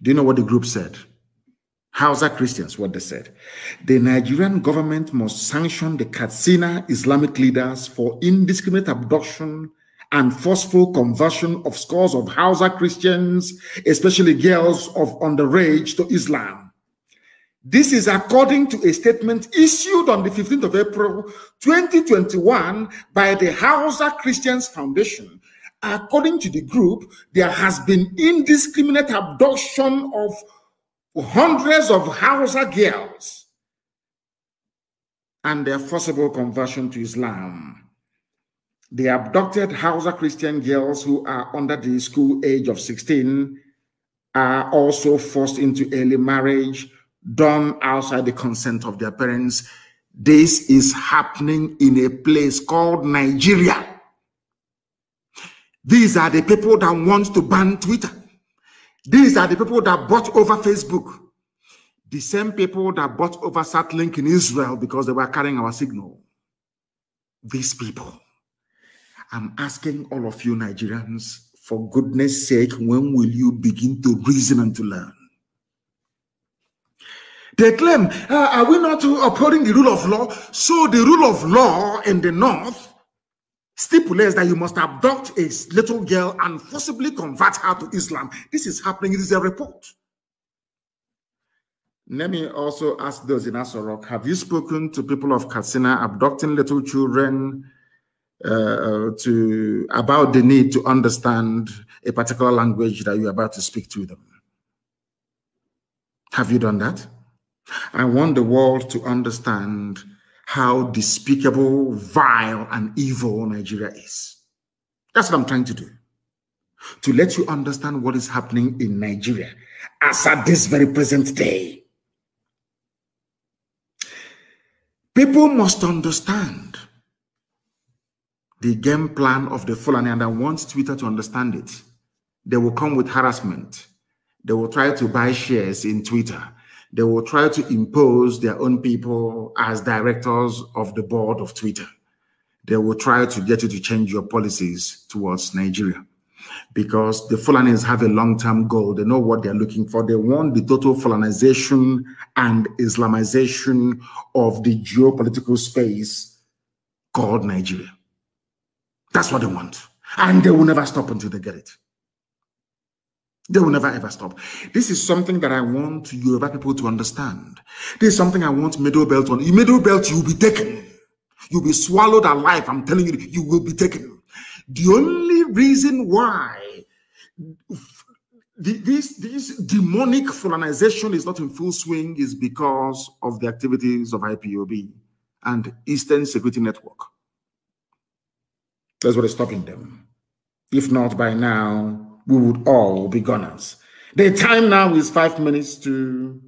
Do you know what the group said? Hausa Christians, what they said. The Nigerian government must sanction the Katsina Islamic leaders for indiscriminate abduction and forceful conversion of scores of Hausa Christians, especially girls of underage, to Islam. This is according to a statement issued on the 15th of April 2021 by the Hausa Christians Foundation, According to the group, there has been indiscriminate abduction of hundreds of Hausa girls and their forcible conversion to Islam. They abducted Hausa Christian girls who are under the school age of 16 are also forced into early marriage done outside the consent of their parents. This is happening in a place called Nigeria. These are the people that want to ban Twitter. These are the people that bought over Facebook. The same people that bought over Satlink in Israel because they were carrying our signal. These people. I'm asking all of you Nigerians, for goodness sake, when will you begin to reason and to learn? They claim, uh, are we not upholding the rule of law? So the rule of law in the north stipulates that you must abduct a little girl and forcibly convert her to Islam. This is happening. It is a report. Let me also ask those in Asorok, have you spoken to people of Katsina abducting little children uh, uh to about the need to understand a particular language that you're about to speak to them? Have you done that? I want the world to understand how despicable, vile, and evil Nigeria is. That's what I'm trying to do. To let you understand what is happening in Nigeria as at this very present day. People must understand the game plan of the Fulani, and I want Twitter to understand it. They will come with harassment. They will try to buy shares in Twitter they will try to impose their own people as directors of the board of Twitter. They will try to get you to change your policies towards Nigeria because the Fulanis have a long-term goal. They know what they're looking for. They want the total Fulanization and Islamization of the geopolitical space called Nigeria. That's what they want. And they will never stop until they get it. They will never ever stop. This is something that I want Yoruba people to understand. This is something I want Middle Belt on. In Middle Belt, you'll be taken. You'll be swallowed alive. I'm telling you, you will be taken. The only reason why this, this demonic colonization is not in full swing is because of the activities of IPOB and Eastern Security Network. That's what is stopping them. If not by now, we would all be gunners. The time now is five minutes to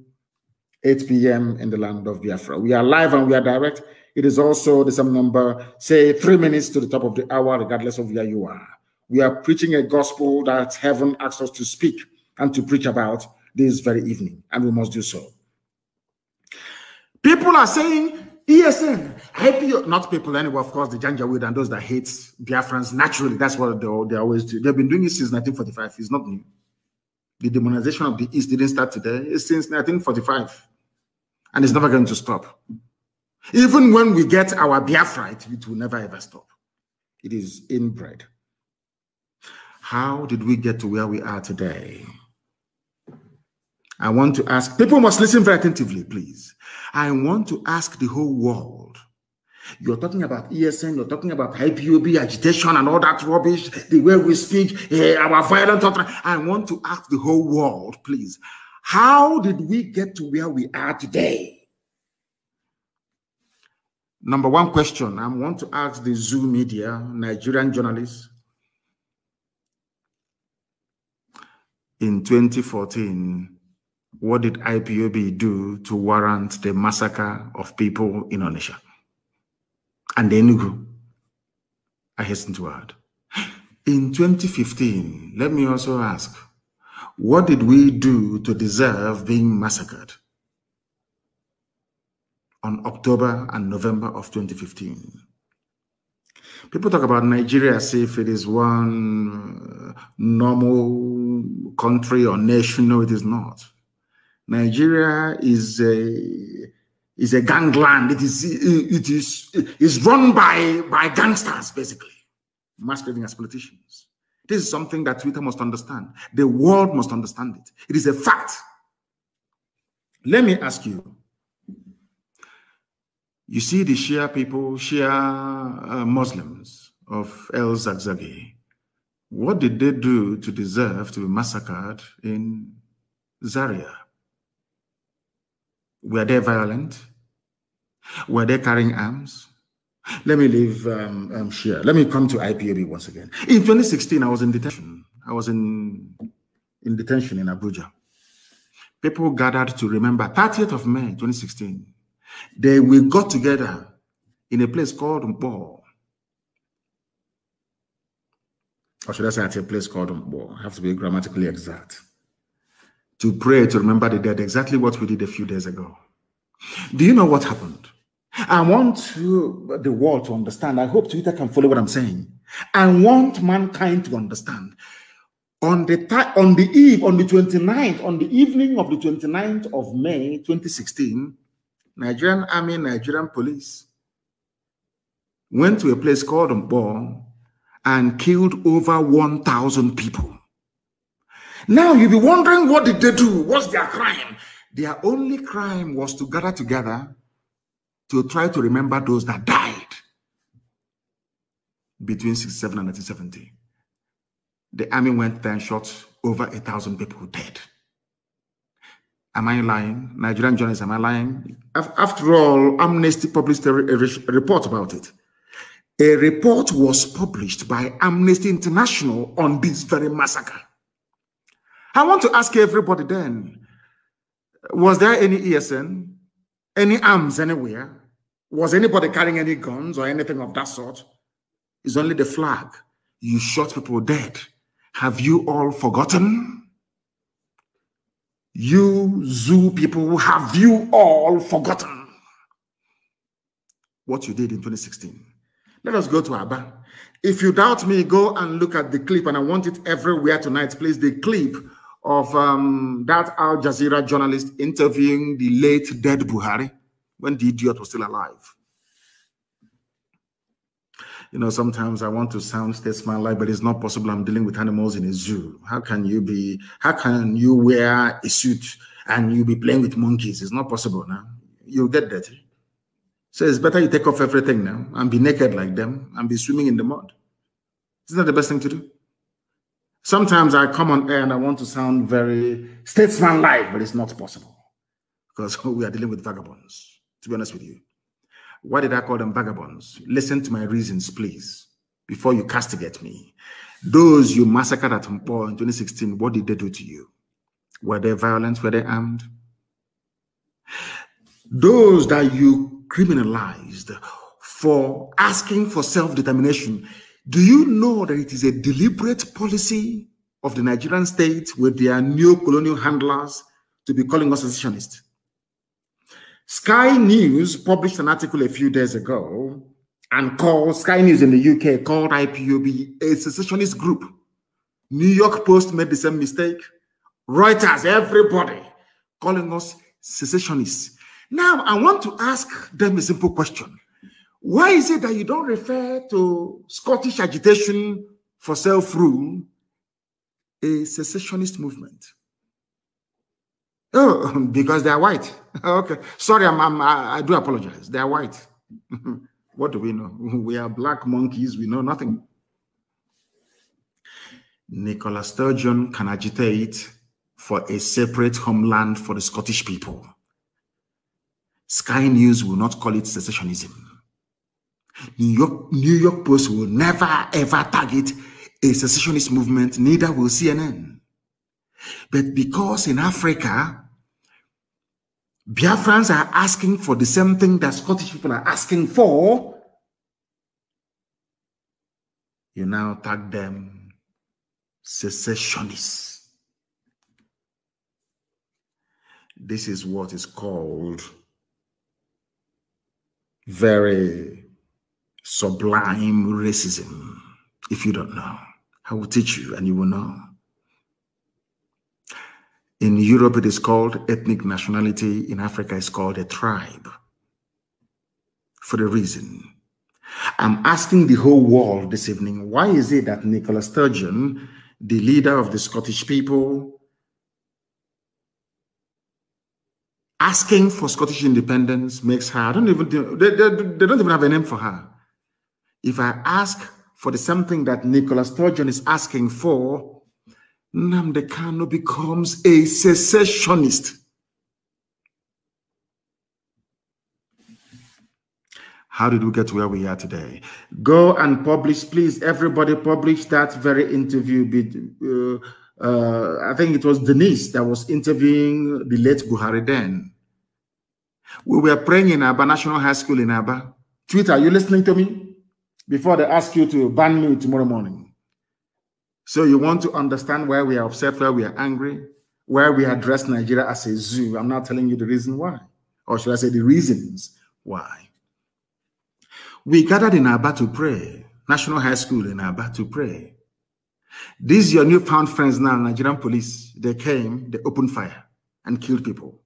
8 p.m. in the land of Biafra. We are live and we are direct. It is also the same number, say three minutes to the top of the hour, regardless of where you are. We are preaching a gospel that heaven asks us to speak and to preach about this very evening, and we must do so. People are saying ESN, IPO, not people anyway, of course, the Janjaweed and those that hate Biafrans, naturally, that's what they, they always do. They've been doing it since 1945. It's not new. The demonization of the East didn't start today. It's since 1945. And it's never going to stop. Even when we get our Biafra, it, it will never ever stop. It is inbred. How did we get to where we are today? I want to ask people must listen very attentively, please. I want to ask the whole world. You're talking about ESN, you're talking about IPOB agitation and all that rubbish, the way we speak, eh, our violent I want to ask the whole world, please, how did we get to where we are today? Number one question I want to ask the Zoo media, Nigerian journalists. In 2014, what did IPOB do to warrant the massacre of people in Onisha and the Enugu? I hasten to add. In 2015, let me also ask, what did we do to deserve being massacred? On October and November of 2015. People talk about Nigeria as if it is one uh, normal country or nation. No, it is not. Nigeria is a is a gangland. It is it is is run by by gangsters basically, masquerading as politicians. This is something that Twitter must understand. The world must understand it. It is a fact. Let me ask you. You see the Shia people, Shia uh, Muslims of El Zagzagi. What did they do to deserve to be massacred in Zaria? Were they violent? Were they carrying arms? Let me leave um, um, Shia. Let me come to IPOB once again. In 2016, I was in detention. I was in, in detention in Abuja. People gathered to remember 30th of May 2016. They we got together in a place called Mbo. Or should I say at a place called Mbo? I have to be grammatically exact to pray to remember the dead, exactly what we did a few days ago. Do you know what happened? I want to, the world to understand. I hope Twitter can follow what I'm saying. I want mankind to understand. On the, on the eve, on the 29th, on the evening of the 29th of May 2016, Nigerian Army, Nigerian police went to a place called Mbo and killed over 1,000 people. Now you'll be wondering what did they do? What's their crime? Their only crime was to gather together to try to remember those that died between 67 and 1970. The army went there and shot over a thousand people dead. Am I lying? Nigerian journalists, am I lying? After all, Amnesty published a report about it. A report was published by Amnesty International on this very massacre. I want to ask everybody then was there any ESN, any arms anywhere? Was anybody carrying any guns or anything of that sort? It's only the flag. You shot people dead. Have you all forgotten? You zoo people, have you all forgotten what you did in 2016? Let us go to Abba. If you doubt me, go and look at the clip, and I want it everywhere tonight. Please, the clip of um, that Al Jazeera journalist interviewing the late dead Buhari when the idiot was still alive. You know, sometimes I want to sound statesman-like, but it's not possible. I'm dealing with animals in a zoo. How can you be? How can you wear a suit and you be playing with monkeys? It's not possible. Now you'll get dirty. So it's better you take off everything now and be naked like them and be swimming in the mud. Isn't that the best thing to do? Sometimes I come on air and I want to sound very statesman-like, but it's not possible because we are dealing with vagabonds, to be honest with you. Why did I call them vagabonds? Listen to my reasons, please, before you castigate me. Those you massacred at Mpo in 2016, what did they do to you? Were they violent? Were they armed? Those that you criminalized for asking for self determination, do you know that it is a deliberate policy of the Nigerian state with their neo-colonial handlers to be calling us secessionists? Sky News published an article a few days ago and called Sky News in the UK called IPOB a secessionist group. New York Post made the same mistake. Reuters, everybody calling us secessionists. Now, I want to ask them a simple question. Why is it that you don't refer to Scottish agitation for self rule, a secessionist movement? Oh, because they are white. okay. Sorry, I'm, I'm, i do apologize. They are white. what do we know? We are black monkeys. We know nothing. Nicola Sturgeon can agitate for a separate homeland for the Scottish people. Sky News will not call it secessionism. New York, New York Post will never ever target a secessionist movement, neither will CNN. But because in Africa, Biafrans are asking for the same thing that Scottish people are asking for, you now tag them secessionists. This is what is called very sublime racism. If you don't know, I will teach you and you will know. In Europe, it is called ethnic nationality. In Africa, it's called a tribe for the reason. I'm asking the whole world this evening why is it that Nicola Sturgeon, the leader of the Scottish people, asking for Scottish independence makes her, I don't even, they, they, they don't even have a name for her. If I ask for the something that Nicholas Sturgeon is asking for, Namde Kano becomes a secessionist. How did we get where we are today? Go and publish, please. Everybody publish that very interview. uh, uh, I think it was Denise that was interviewing the late Buhari then. We were praying in Abba National High School in Abba. Twitter, are you listening to me? before they ask you to ban me tomorrow morning. So you want to understand why we are upset, why we are angry, why we address Nigeria as a zoo. I'm not telling you the reason why, or should I say the reasons why. We gathered in Aba to pray, National High School in Aba to pray. These your newfound friends now, Nigerian police, they came, they opened fire and killed people.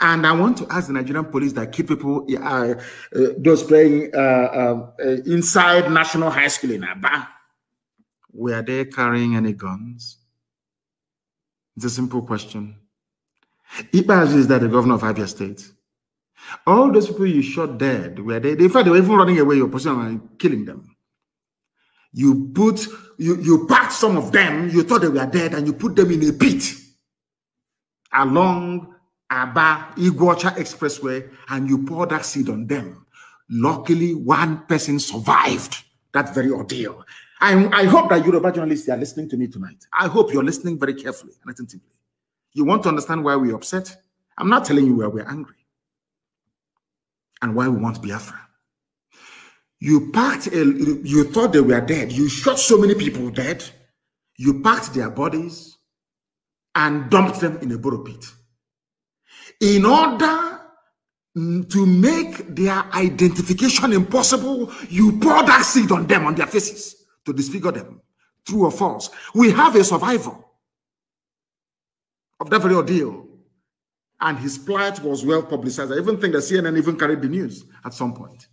And I want to ask the Nigerian police that keep people, uh, uh, those playing uh, uh inside National High School in Aba, were they carrying any guns? It's a simple question. Ibazu is that the governor of Abia State. All those people you shot dead, were they? In fact, they were even running away. You're pursuing and killing them. You put, you you packed some of them. You thought they were dead, and you put them in a pit along Aba Iguacha Expressway, and you pour that seed on them. Luckily, one person survived that very ordeal. I, I hope that Yoruba journalists are listening to me tonight. I hope you're listening very carefully and attentively. You want to understand why we're upset? I'm not telling you why we're angry and why we want Biafra. You packed, a, you thought they were dead. You shot so many people dead. You packed their bodies and dumped them in a borrow pit in order to make their identification impossible, you pour that seed on them, on their faces, to disfigure them, true or false. We have a survivor of that very ordeal. And his plight was well publicized. I even think the CNN even carried the news at some point.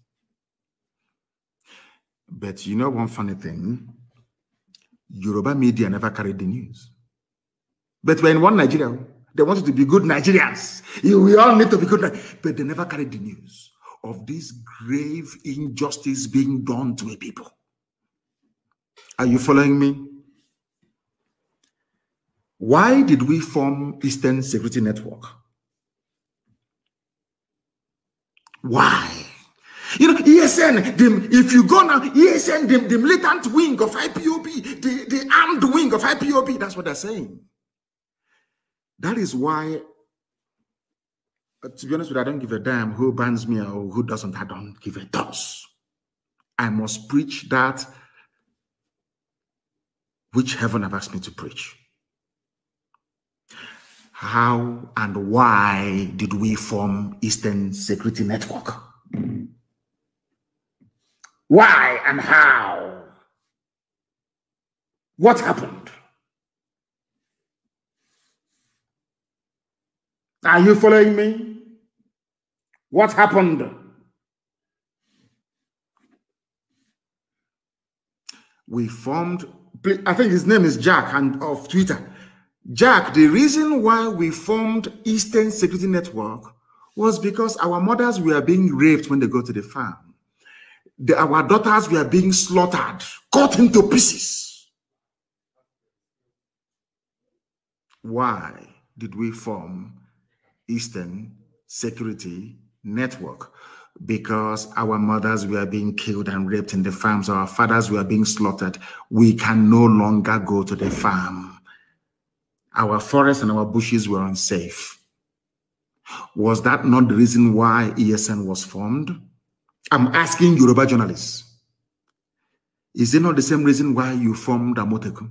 But you know one funny thing? Yoruba media never carried the news. But we're in one Nigeria. They wanted to be good Nigerians. We all need to be good, but they never carried the news of this grave injustice being done to a people. Are you following me? Why did we form Eastern Security Network? Why? You know, ESN, the, if you go now, ESN, the, the militant wing of IPOB, the, the armed wing of IPOB, that's what they're saying. That is why, uh, to be honest with you, I don't give a damn who bans me or who doesn't. I don't give a toss. I must preach that which heaven have asked me to preach. How and why did we form Eastern Security Network? Why and how? What happened? Are you following me? What happened? We formed, I think his name is Jack and of Twitter. Jack, the reason why we formed Eastern Security Network was because our mothers were being raped when they go to the farm. The, our daughters were being slaughtered, cut into pieces. Why did we form Eastern Security Network because our mothers were being killed and raped in the farms, our fathers were being slaughtered. We can no longer go to the farm. Our forests and our bushes were unsafe. Was that not the reason why ESN was formed? I'm asking Yoruba journalists. Is it not the same reason why you formed Amoteku?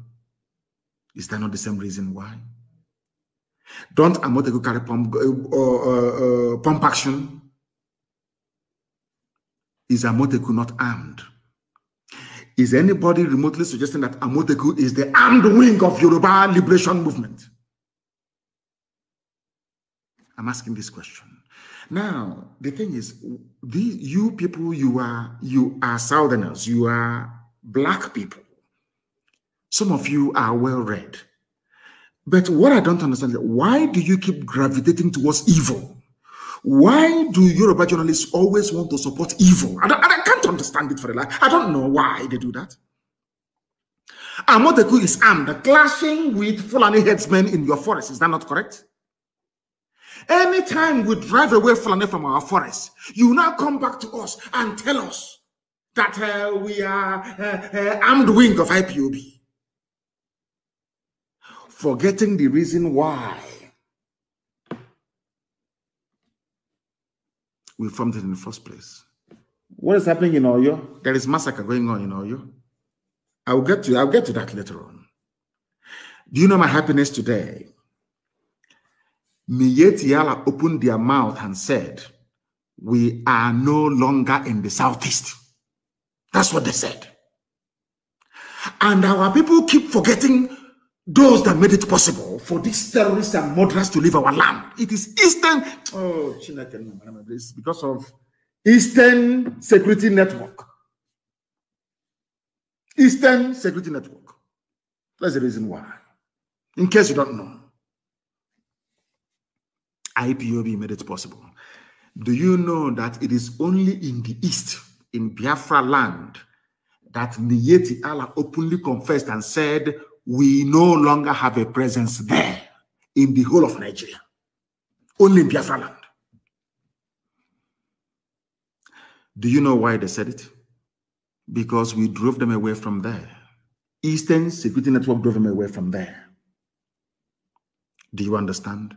Is that not the same reason why? Don't amount carry pump, uh uh, uh, uh, pump action. Is Amoteku not armed? Is anybody remotely suggesting that Amoteku is the armed wing of Yoruba liberation movement? I'm asking this question. Now, the thing is, these you people, you are you are southerners, you are black people. Some of you are well read. But what I don't understand is why do you keep gravitating towards evil? Why do Yoruba journalists always want to support evil? I, I can't understand it for a life. I don't know why they do that. Amoteku is armed, clashing with Fulani headsmen in your forest. Is that not correct? Anytime we drive away Fulani from our forest, you now come back to us and tell us that uh, we are uh, uh, armed wing of IPOB forgetting the reason why we formed it in the first place. What is happening in Oyo? There is massacre going on in Oyo. I'll get to I'll get to that later on. Do you know my happiness today? Miyetiala opened their mouth and said, We are no longer in the southeast. That's what they said. And our people keep forgetting those that made it possible for these terrorists and murderers to leave our land. It is Eastern, oh, this because of Eastern Security Network. Eastern Security Network. That's the reason why. In case you don't know, IPOB made it possible. Do you know that it is only in the East, in Biafra land, that Niyeti Allah openly confessed and said, we no longer have a presence there in the whole of Nigeria, only in Biafra land. Do you know why they said it? Because we drove them away from there. Eastern Security Network drove them away from there. Do you understand?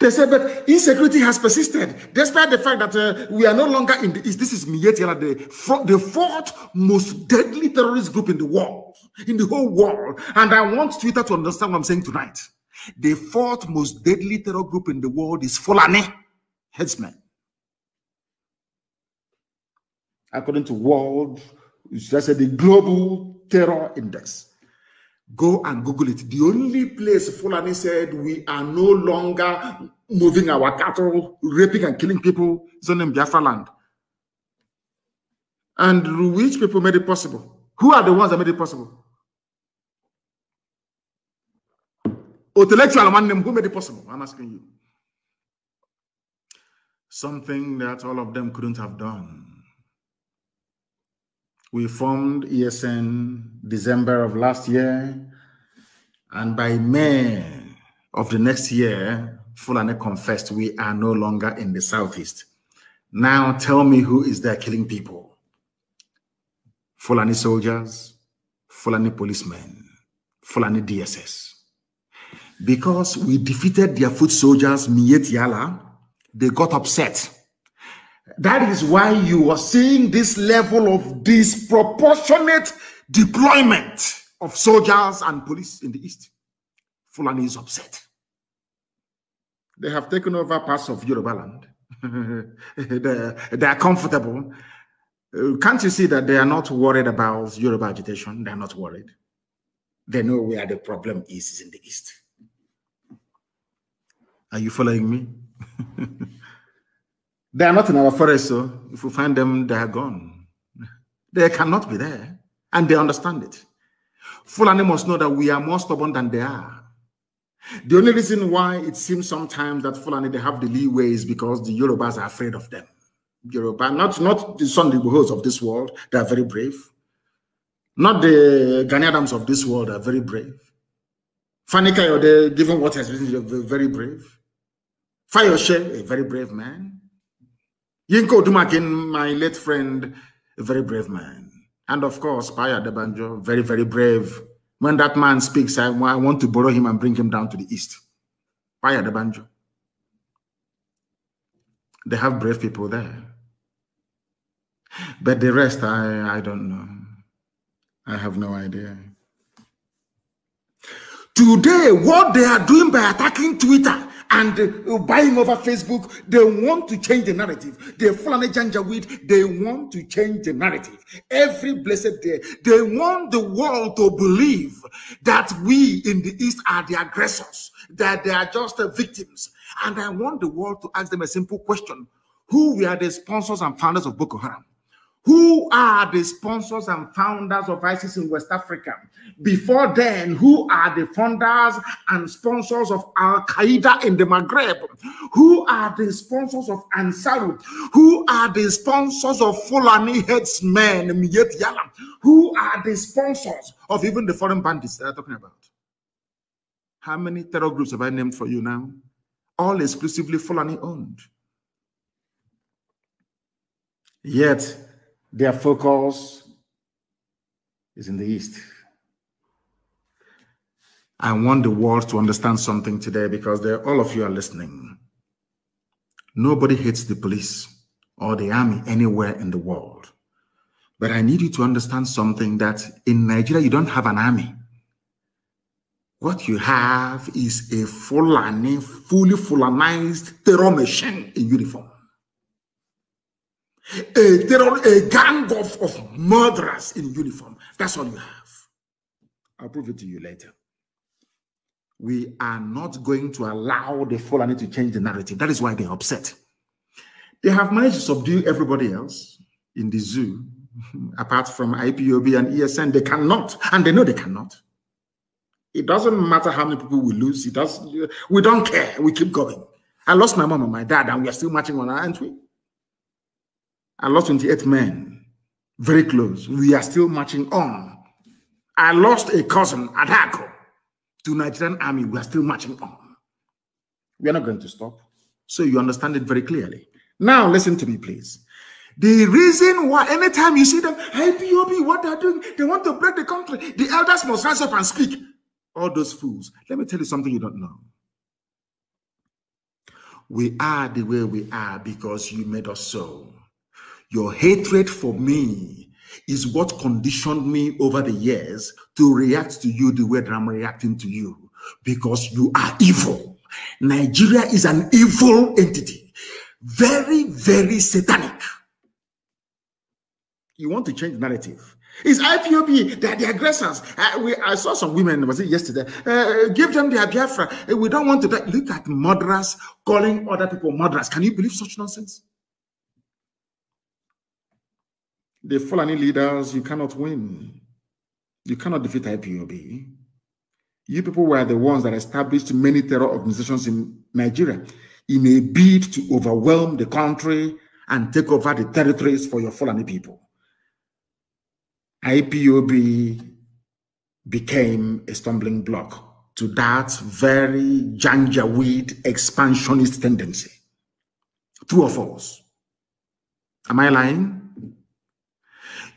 They said, but insecurity has persisted, despite the fact that uh, we are no longer in the East. This is Miyetia, the, the fourth most deadly terrorist group in the world in the whole world. And I want Twitter to understand what I'm saying tonight. The fourth most deadly terror group in the world is Fulani headsmen. According to World, said the Global Terror Index. Go and Google it. The only place Fulani said we are no longer moving our cattle, raping and killing people is on Biafra land. And which people made it possible? Who are the ones that made it possible? intellectual man name, who it possible? I'm asking you. Something that all of them couldn't have done. We formed ESN December of last year, and by May of the next year, Fulani confessed we are no longer in the southeast. Now tell me who is there killing people? Fulani soldiers, Fulani policemen, Fulani DSS because we defeated their foot soldiers, Yala, they got upset. That is why you are seeing this level of disproportionate deployment of soldiers and police in the East. Fulani is upset. They have taken over parts of Yoruba land. they, they, are comfortable. Uh, can't you see that they are not worried about Yoruba agitation? They are not worried. They know where the problem is, is in the East. Are you following me? they are not in our forest, so if we find them, they are gone. They cannot be there, and they understand it. Fulani must know that we are more stubborn than they are. The only reason why it seems sometimes that Fulani they have the leeway is because the Yorubas are afraid of them. Yoruba, not not the Sunday Bohos of this world, they are very brave. Not the Ghanaians of this world are very brave. Fanny Kayode, given what has been, very brave. Fayoshe, a very brave man. Yinko Dumakin, my late friend, a very brave man. And of course, Paya Debanjo, very, very brave. When that man speaks, I, I want to borrow him and bring him down to the east. Paya Debanjo. They have brave people there. But the rest, I, I don't know. I have no idea. Today, what they are doing by attacking Twitter and uh, buying over Facebook. They want to change the narrative. They a Janjaweed, they want to change the narrative. Every blessed day, they want the world to believe that we in the East are the aggressors, that they are just the victims. And I want the world to ask them a simple question. Who were the sponsors and founders of Boko Haram? who are the sponsors and founders of ISIS in West Africa? Before then, who are the founders and sponsors of Al Qaeda in the Maghreb? Who are the sponsors of Ansarut? Who are the sponsors of Fulani headsmen, Miyet Yalam? Who are the sponsors of even the foreign bandits they are talking about? How many terror groups have I named for you now? All exclusively Fulani owned. Yet, their focus is in the East. I want the world to understand something today because all of you are listening. Nobody hates the police or the army anywhere in the world. But I need you to understand something that in Nigeria, you don't have an army. What you have is a Fulani, fully Fulanized terror machine in uniform a terror, a gang of, of murderers in uniform. That's all you have. I'll prove it to you later. We are not going to allow the Fulani to change the narrative. That is why they're upset. They have managed to subdue everybody else in the zoo, apart from IPOB and ESN. They cannot, and they know they cannot. It doesn't matter how many people we lose. It does. We don't care. We keep going. I lost my mom and my dad, and we are still marching on, aren't we? I lost 28 men, very close. We are still marching on. I lost a cousin, at Hako to Nigerian army. We are still marching on. We are not going to stop. So you understand it very clearly. Now listen to me, please. The reason why anytime you see them, IPOB, what they're doing, they want to break the country. The elders must rise up and speak. All those fools. Let me tell you something you don't know. We are the way we are because you made us so. Your hatred for me is what conditioned me over the years to react to you the way that I'm reacting to you because you are evil. Nigeria is an evil entity, very, very satanic. You want to change narrative. It's IPOB, they're the aggressors. I, uh, we, I saw some women, was it yesterday? Uh, give them their Biafra. Uh, we don't want to die. Look at murderers calling other people murderers. Can you believe such nonsense? The Fulani leaders, you cannot win. You cannot defeat IPOB. You people were the ones that established many terror organizations in Nigeria in a bid to overwhelm the country and take over the territories for your Fulani people. IPOB became a stumbling block to that very janjaweed expansionist tendency. True or false? Am I lying?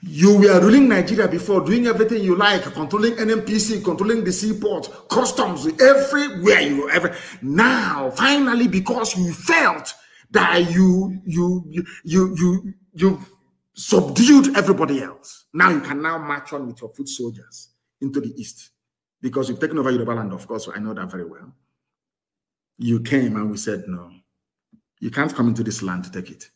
You were ruling Nigeria before, doing everything you like, controlling NMPC, controlling the seaport, customs, everywhere you ever. Now, finally, because you felt that you you you you you you subdued everybody else. Now you can now march on with your foot soldiers into the east because you've taken over Yoruba land. Of course, I know that very well. You came and we said no. You can't come into this land to take it.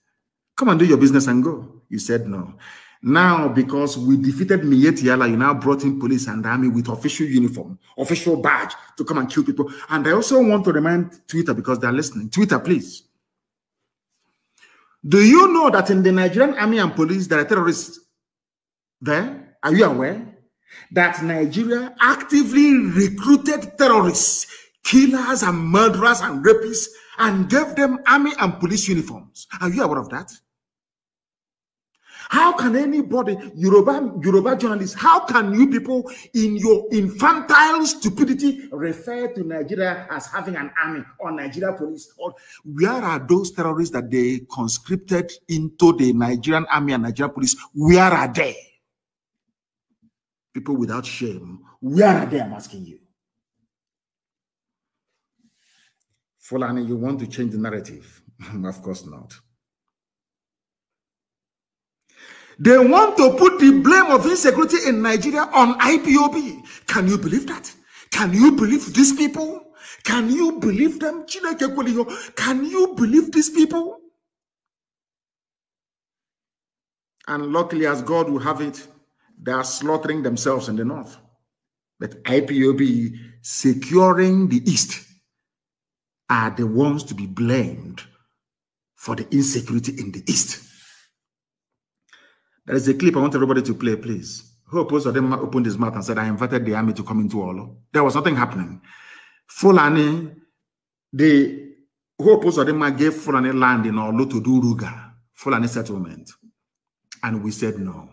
Come and do your business and go. You said no. Now, because we defeated Mietiala, you now brought in police and army with official uniform, official badge to come and kill people. And I also want to remind Twitter because they're listening. Twitter, please. Do you know that in the Nigerian army and police there are terrorists there? Are you aware? That Nigeria actively recruited terrorists, killers and murderers and rapists and gave them army and police uniforms. Are you aware of that? How can anybody, Yoruba, Yoruba journalists, how can you people in your infantile stupidity refer to Nigeria as having an army or Nigeria police? Or where are those terrorists that they conscripted into the Nigerian army and Nigeria police? Where are they? People without shame, where are they? I'm asking you. Fulani, you want to change the narrative? of course not. They want to put the blame of insecurity in Nigeria on IPOB. Can you believe that? Can you believe these people? Can you believe them? Can you believe these people? And luckily, as God will have it, they are slaughtering themselves in the north. But IPOB securing the east are the ones to be blamed for the insecurity in the east. There is a clip I want everybody to play, please. Hope them? opened his mouth and said, I invited the army to come into Olo. There was nothing happening. Fulani, the Hope them gave Fulani land in Olo to do Ruga, Fulani settlement. And we said no.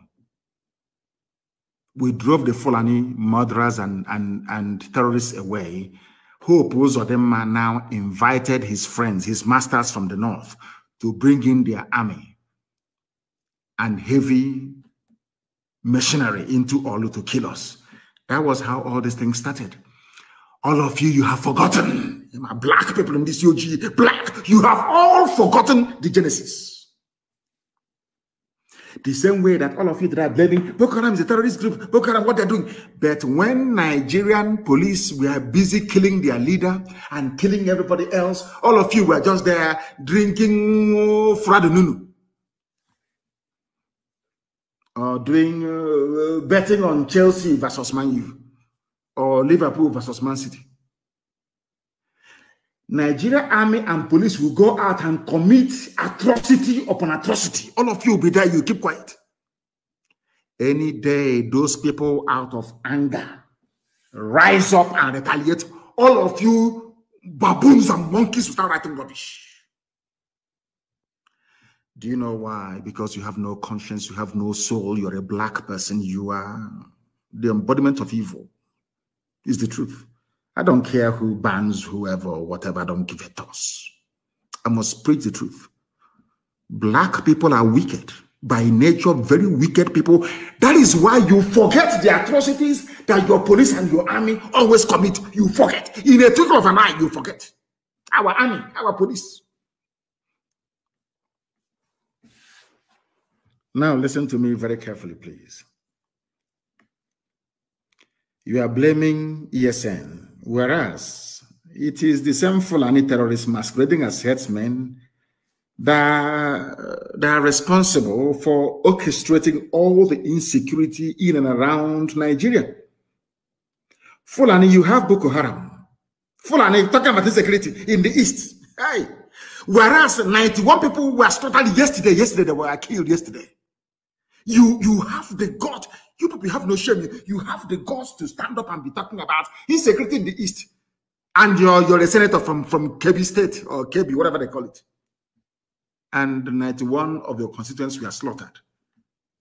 We drove the Fulani murderers and, and, and terrorists away. Hope Ozodema now invited his friends, his masters from the north, to bring in their army and heavy machinery into Olu to kill us. That was how all these things started. All of you, you have forgotten. My black people in this UG, black, you have all forgotten the Genesis. The same way that all of you that are blaming Boko Haram is a terrorist group, Boko Haram, what they're doing. But when Nigerian police were busy killing their leader and killing everybody else, all of you were just there drinking oh, uh, Fradonunu or uh, doing uh, uh, betting on Chelsea versus Man U or Liverpool versus Man City. Nigeria army and police will go out and commit atrocity upon atrocity. All of you will be there, you keep quiet. Any day, those people out of anger rise up and retaliate. All of you baboons and monkeys without writing rubbish. Do you know why? Because you have no conscience, you have no soul, you're a black person, you are the embodiment of evil, is the truth. I don't care who bans whoever or whatever, I don't give a toss. I must preach the truth. Black people are wicked by nature, very wicked people. That is why you forget the atrocities that your police and your army always commit. You forget. In a twinkle of an eye, you forget. Our army, our police. Now, listen to me very carefully, please. You are blaming ESN, whereas it is the same Fulani terrorists masquerading as headsmen that, uh, that are responsible for orchestrating all the insecurity in and around Nigeria. Fulani, you have Boko Haram. Fulani, talking about insecurity in the east. Hey. Whereas 91 people were slaughtered yesterday. Yesterday, they were killed yesterday. You you have the God. You people have no shame. You, you have the guts to stand up and be talking about insecurity in the East. And you're you're a senator from from KB State or KB, whatever they call it. And 91 of your constituents were slaughtered.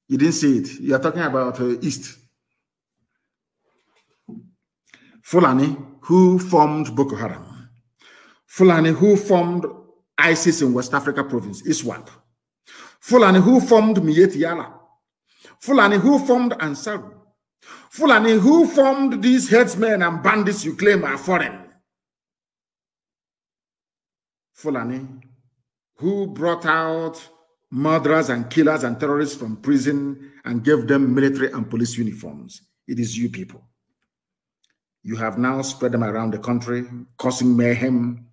You didn't see it. You're talking about uh, East. Fulani, who formed Boko Haram. Fulani, who formed ISIS in West Africa province, ISWAP. Fulani, who formed Yala Fulani who formed Ansaru, Fulani who formed these headsmen and bandits you claim are foreign, Fulani who brought out murderers and killers and terrorists from prison and gave them military and police uniforms. It is you people. You have now spread them around the country, causing mayhem,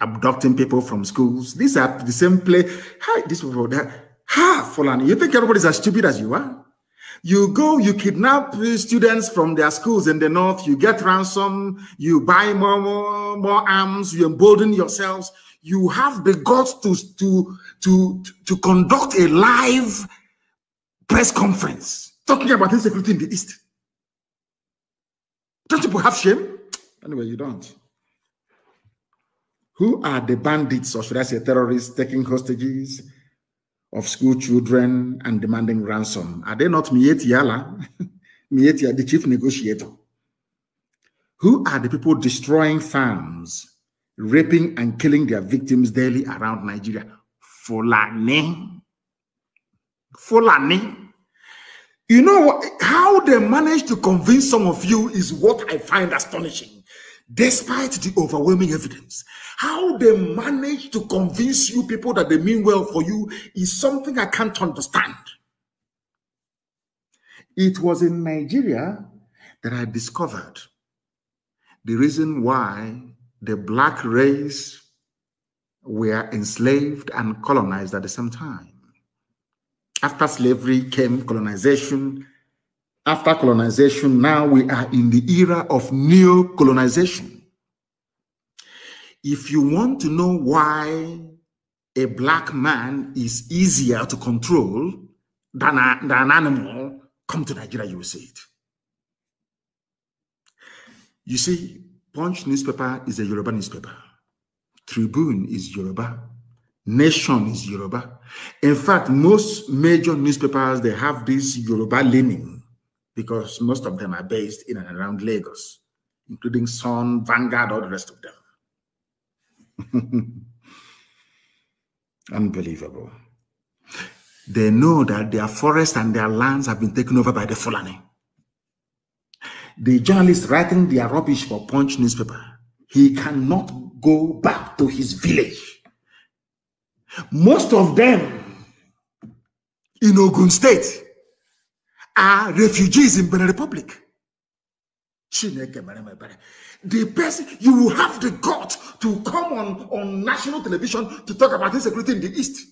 abducting people from schools. These are the same place. Hi, these people that Ha, Fulani, you think everybody's as stupid as you are? You go, you kidnap students from their schools in the north, you get ransom, you buy more, more, more arms, you embolden yourselves. You have the guts to, to, to, to conduct a live press conference talking about insecurity in the east. Don't people have shame? Anyway, you don't. Who are the bandits, or should I say terrorists, taking hostages? of school children and demanding ransom. Are they not Miet Yala? Miet the chief negotiator. Who are the people destroying farms, raping and killing their victims daily around Nigeria? Fulani. Fulani. You know how they manage to convince some of you is what I find astonishing despite the overwhelming evidence. How they manage to convince you people that they mean well for you is something I can't understand. It was in Nigeria that I discovered the reason why the black race were enslaved and colonized at the same time. After slavery came colonization, after colonization, now we are in the era of neo colonization. If you want to know why a black man is easier to control than, a, than an animal, come to Nigeria, you will see it. You see, Punch newspaper is a Yoruba newspaper. Tribune is Yoruba. Nation is Yoruba. In fact, most major newspapers, they have this Yoruba leaning because most of them are based in and around Lagos, including Sun, Vanguard, all the rest of them. Unbelievable. They know that their forests and their lands have been taken over by the Fulani. The journalist writing their rubbish for Punch newspaper, he cannot go back to his village. Most of them in Ogun State are refugees in Benin Republic. The best you will have the guts to come on, on national television to talk about insecurity in the East.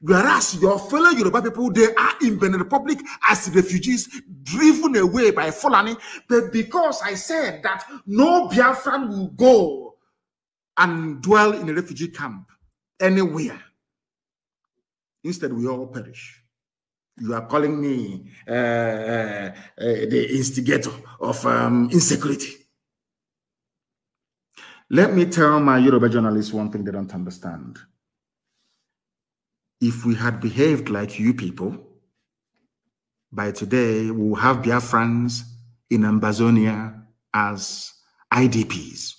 Whereas your fellow Yoruba people, they are in Benin Republic as refugees, driven away by Fulani. But because I said that no Biafran will go and dwell in a refugee camp anywhere, instead we all perish. You are calling me uh, uh, uh, the instigator of um, insecurity. Let me tell my Yoruba journalists one thing they don't understand. If we had behaved like you people, by today we'll have Biafrans in Ambazonia as IDPs.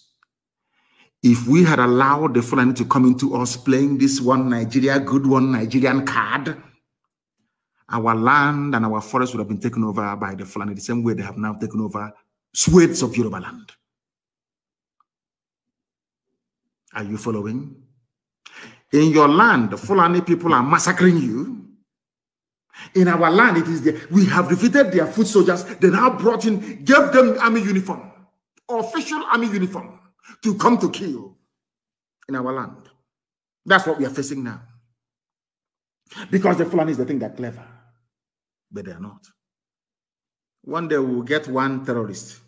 If we had allowed the Fulani to come into us playing this one Nigeria, good one Nigerian card, our land and our forest would have been taken over by the Fulani the same way they have now taken over swathes of Yoruba land. Are you following? In your land, the Fulani people are massacring you. In our land, it is there. We have defeated their foot soldiers. They now brought in, gave them army uniform, official army uniform, to come to kill in our land. That's what we are facing now. Because the Fulani is the thing that clever but they are not. One day we'll get one terrorist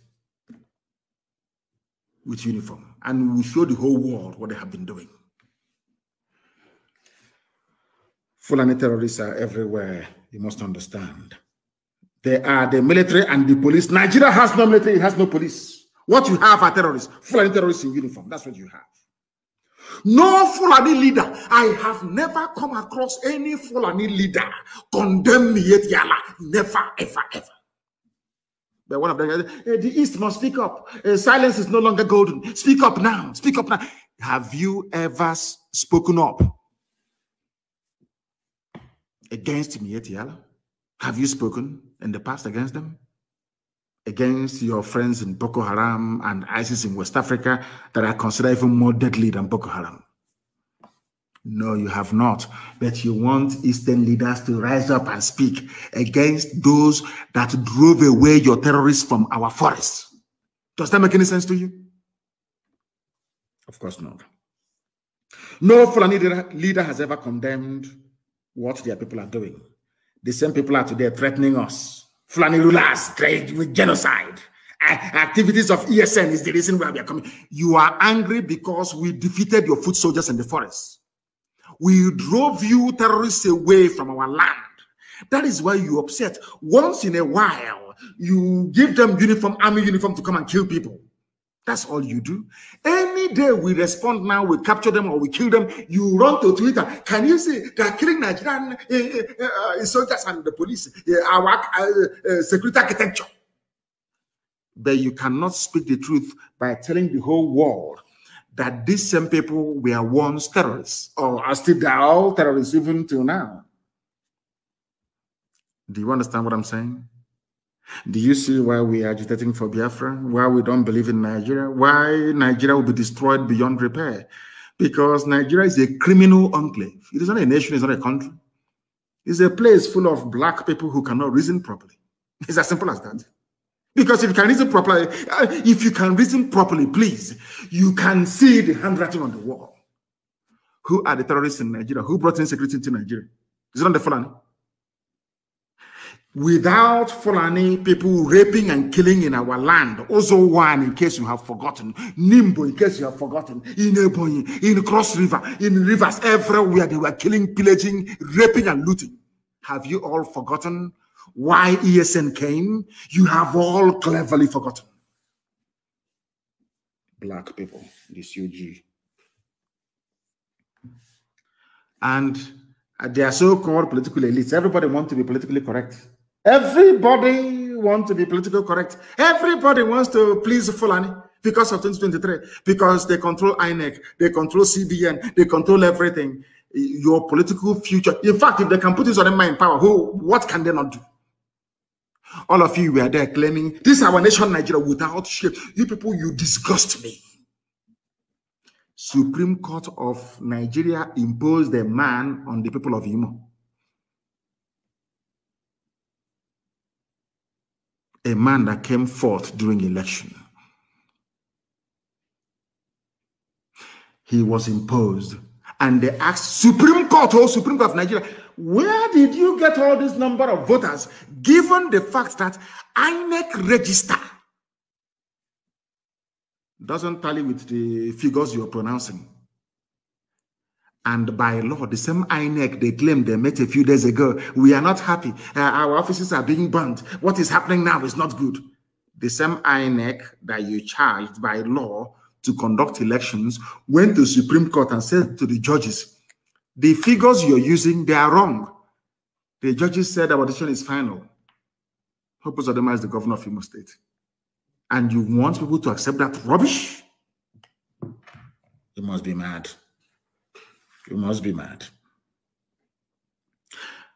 with uniform and we'll show the whole world what they have been doing. Fulani terrorists are everywhere, you must understand. They are the military and the police. Nigeria has no military, it has no police. What you have are terrorists, Fulani terrorists in uniform. That's what you have. No Fulani leader. I have never come across any Fulani leader condemn me yet Yala. Never, ever, ever. But one of them, eh, the East must speak up. Eh, silence is no longer golden. Speak up now. Speak up now. Have you ever spoken up against Yala? Have you spoken in the past against them? against your friends in Boko Haram and ISIS in West Africa that are considered even more deadly than Boko Haram? No, you have not. But you want Eastern leaders to rise up and speak against those that drove away your terrorists from our forests. Does that make any sense to you? Of course not. No Fulani leader has ever condemned what their people are doing. The same people are today threatening us Flanelula has with genocide. Activities of ESN is the reason why we are coming. You are angry because we defeated your foot soldiers in the forest. We drove you terrorists away from our land. That is why you upset. Once in a while, you give them uniform, army uniform to come and kill people. That's all you do. Any day we respond now, we capture them or we kill them, you run to Twitter. Can you see they're killing Nigerian uh, uh, soldiers and the police, uh, our security architecture? But you cannot speak the truth by telling the whole world that these same people were once terrorists or are still all terrorists even till now. Do you understand what I'm saying? Do you see why we are agitating for Biafra? Why we don't believe in Nigeria? Why Nigeria will be destroyed beyond repair? Because Nigeria is a criminal enclave. It is not a nation, it's not a country. It's a place full of black people who cannot reason properly. It's as simple as that. Because if you can reason properly, uh, if you can reason properly, please, you can see the handwriting on the wall. Who are the terrorists in Nigeria? Who brought insecurity into Nigeria? Is it not the Fulani? without Fulani people raping and killing in our land. Also one, in case you have forgotten, Nimbo, in case you have forgotten, in Ebonyi, in Cross River, in rivers, everywhere they were killing, pillaging, raping and looting. Have you all forgotten why ESN came? You have all cleverly forgotten. Black people, this UG. And their so-called political elites, everybody wants to be politically correct Everybody wants to be political correct. Everybody wants to please Fulani because of 2023, because they control INEC, they control CBN, they control everything. Your political future. In fact, if they can put this on man in power, who what can they not do? All of you were there claiming this is our nation, Nigeria, without shape. You people, you disgust me. Supreme Court of Nigeria imposed a man on the people of Imo. a man that came forth during election. He was imposed. And they asked Supreme Court, oh Supreme Court of Nigeria, where did you get all this number of voters given the fact that INEC register doesn't tally with the figures you're pronouncing? And by law, the same INEC they claimed they met a few days ago, we are not happy. Uh, our offices are being burnt. What is happening now is not good. The same INEC that you charged by law to conduct elections went to Supreme Court and said to the judges, the figures you're using, they are wrong. The judges said our decision is final. Purpose of the is the governor of Imo State. And you want people to accept that rubbish? You must be mad. You must be mad.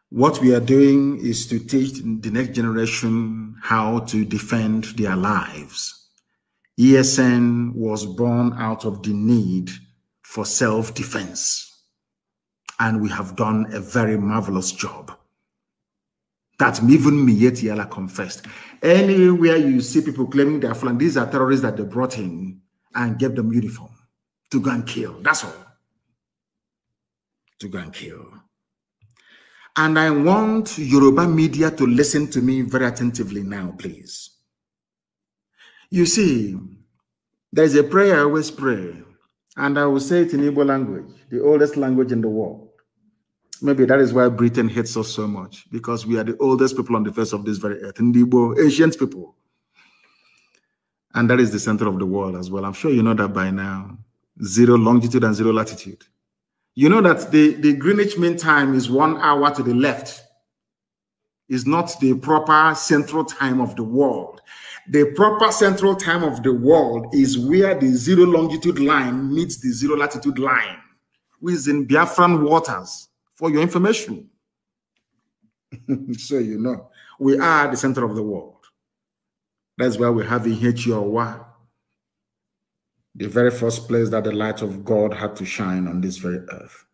What we are doing is to teach the next generation how to defend their lives. ESN was born out of the need for self defense. And we have done a very marvelous job. That even Mietiela confessed. Anywhere you see people claiming they are flying, these are terrorists that they brought in and gave them uniform to go and kill. That's all to go and kill. And I want Yoruba media to listen to me very attentively now, please. You see, there's a prayer I always pray, and I will say it in Igbo language, the oldest language in the world. Maybe that is why Britain hates us so much, because we are the oldest people on the face of this very earth, in the Igbo, ancient people. And that is the center of the world as well. I'm sure you know that by now. Zero longitude and zero latitude. You know that the, the Greenwich Mean Time is one hour to the left. Is not the proper central time of the world. The proper central time of the world is where the zero longitude line meets the zero latitude line, which is in Biafran waters, for your information. so you know, we are the center of the world. That's why we have in H.O.W.A the very first place that the light of God had to shine on this very earth.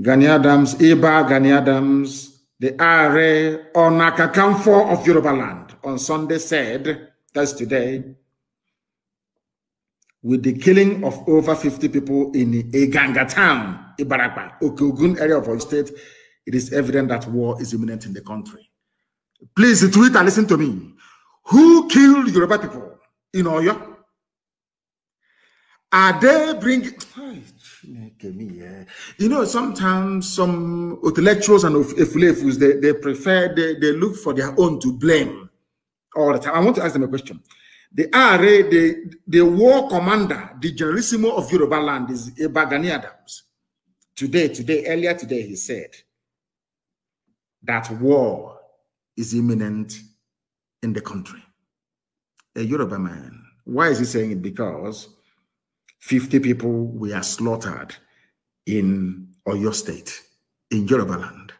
Gani Adams, Iba Gani Adams, the IRA or Nakakamfo of Yoruba land on Sunday said, that's today, with the killing of over 50 people in Eganga town, Ibarapa, Okogun area of our state, it is evident that war is imminent in the country. Please tweet and listen to me. Who killed Yoruba people in Oyo? Are they bringing? You know, sometimes some intellectuals and efulefus they, they prefer they, they look for their own to blame all the time. I want to ask them a question. The RA, the, the war commander, the generalissimo of Yoruba land is Ebagani Adams. Today, today, earlier today, he said that war is imminent in the country. A Yoruba man. Why is he saying it? Because 50 people were slaughtered in Oyo State, in Yoruba land.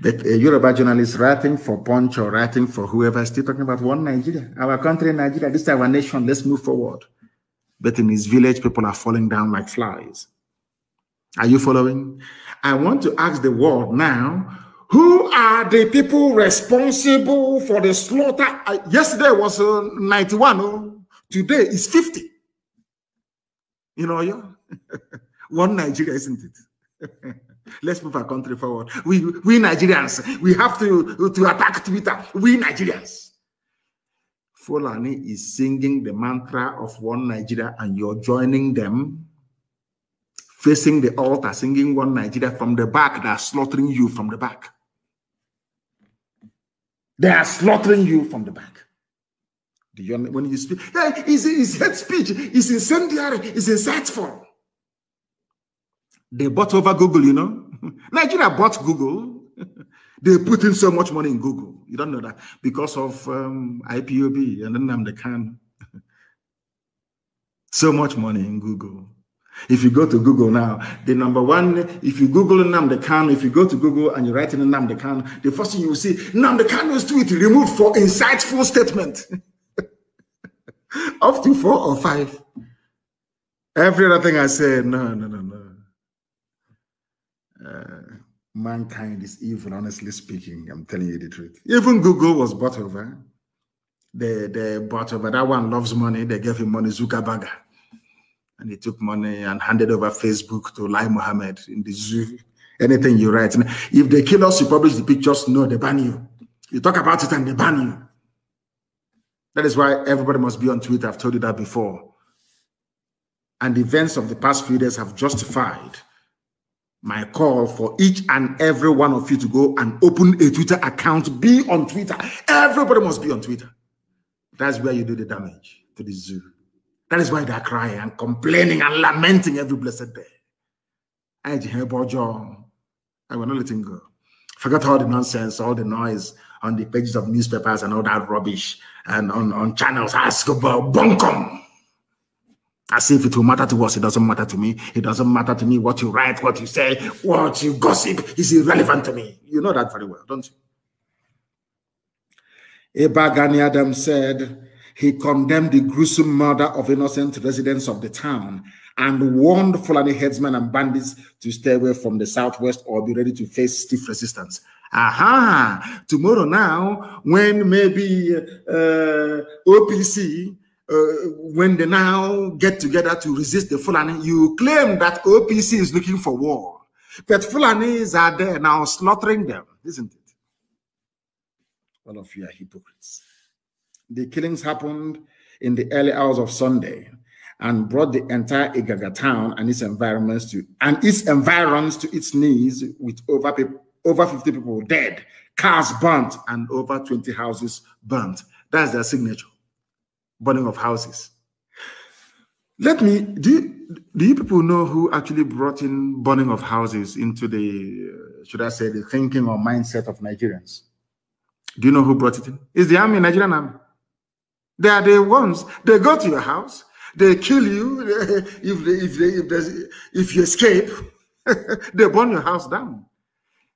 The uh, Yoruba journalist writing for Punch or writing for whoever is still talking about one Nigeria, our country, Nigeria, this is our nation, let's move forward. But in his village, people are falling down like flies. Are you following? I want to ask the world now who are the people responsible for the slaughter? Uh, yesterday was uh, 91, oh, today is 50 in Oyo. One Nigeria, isn't it? Let's move our country forward. We, we Nigerians, we have to, to attack Twitter. We Nigerians. Fulani is singing the mantra of one Nigeria and you're joining them, facing the altar, singing one Nigeria from the back. They are slaughtering you from the back. They are slaughtering you from the back. Do you when you speak? his, his hate speech is incendiary, is insightful. They bought over Google, you know. Nigeria bought Google. they put in so much money in Google. You don't know that because of um, IPOB and then I'm the can. so much money in Google. If you go to Google now, the number one, if you Google Namde Khan, if you go to Google and you write in Namde Khan, the first thing you will see, Namde Khan was tweet removed for insightful statement. up to four or five. Every other thing I say, no, no, no, no. Uh, mankind is evil, honestly speaking. I'm telling you the truth. Even Google was bought over. They, they bought over. That one loves money. They gave him money, Zuckerberg. And he took money and handed over Facebook to Lai Mohammed in the zoo. Anything you write. if they kill us, you publish the pictures. No, they ban you. You talk about it and they ban you. That is why everybody must be on Twitter. I've told you that before. And events of the past few days have justified my call for each and every one of you to go and open a Twitter account, be on Twitter. Everybody must be on Twitter. That's where you do the damage to the zoo. That is why they're crying and complaining and lamenting every blessed day. I John. I will not him go. Forget all the nonsense, all the noise on the pages of newspapers and all that rubbish and on, on channels. Ask about bunkum. As if it will matter to us. It doesn't matter to me. It doesn't matter to me what you write, what you say, what you gossip is irrelevant to me. You know that very well, don't you? Eba Adam said he condemned the gruesome murder of innocent residents of the town and warned Fulani headsmen and bandits to stay away from the southwest or be ready to face stiff resistance. Aha! Tomorrow now, when maybe uh, OPC, uh, when they now get together to resist the Fulani, you claim that OPC is looking for war. But Fulanis are there now slaughtering them, isn't it? All of you are hypocrites. The killings happened in the early hours of Sunday and brought the entire Igaga town and its environments to and its environs to its knees with over over 50 people dead, cars burnt, and over 20 houses burnt. That's their signature, burning of houses. Let me do. You, do you people know who actually brought in burning of houses into the uh, should I say the thinking or mindset of Nigerians? Do you know who brought it in? It's the army, Nigerian army. They are the ones. They go to your house. They kill you if they, if they, if, if you escape. they burn your house down.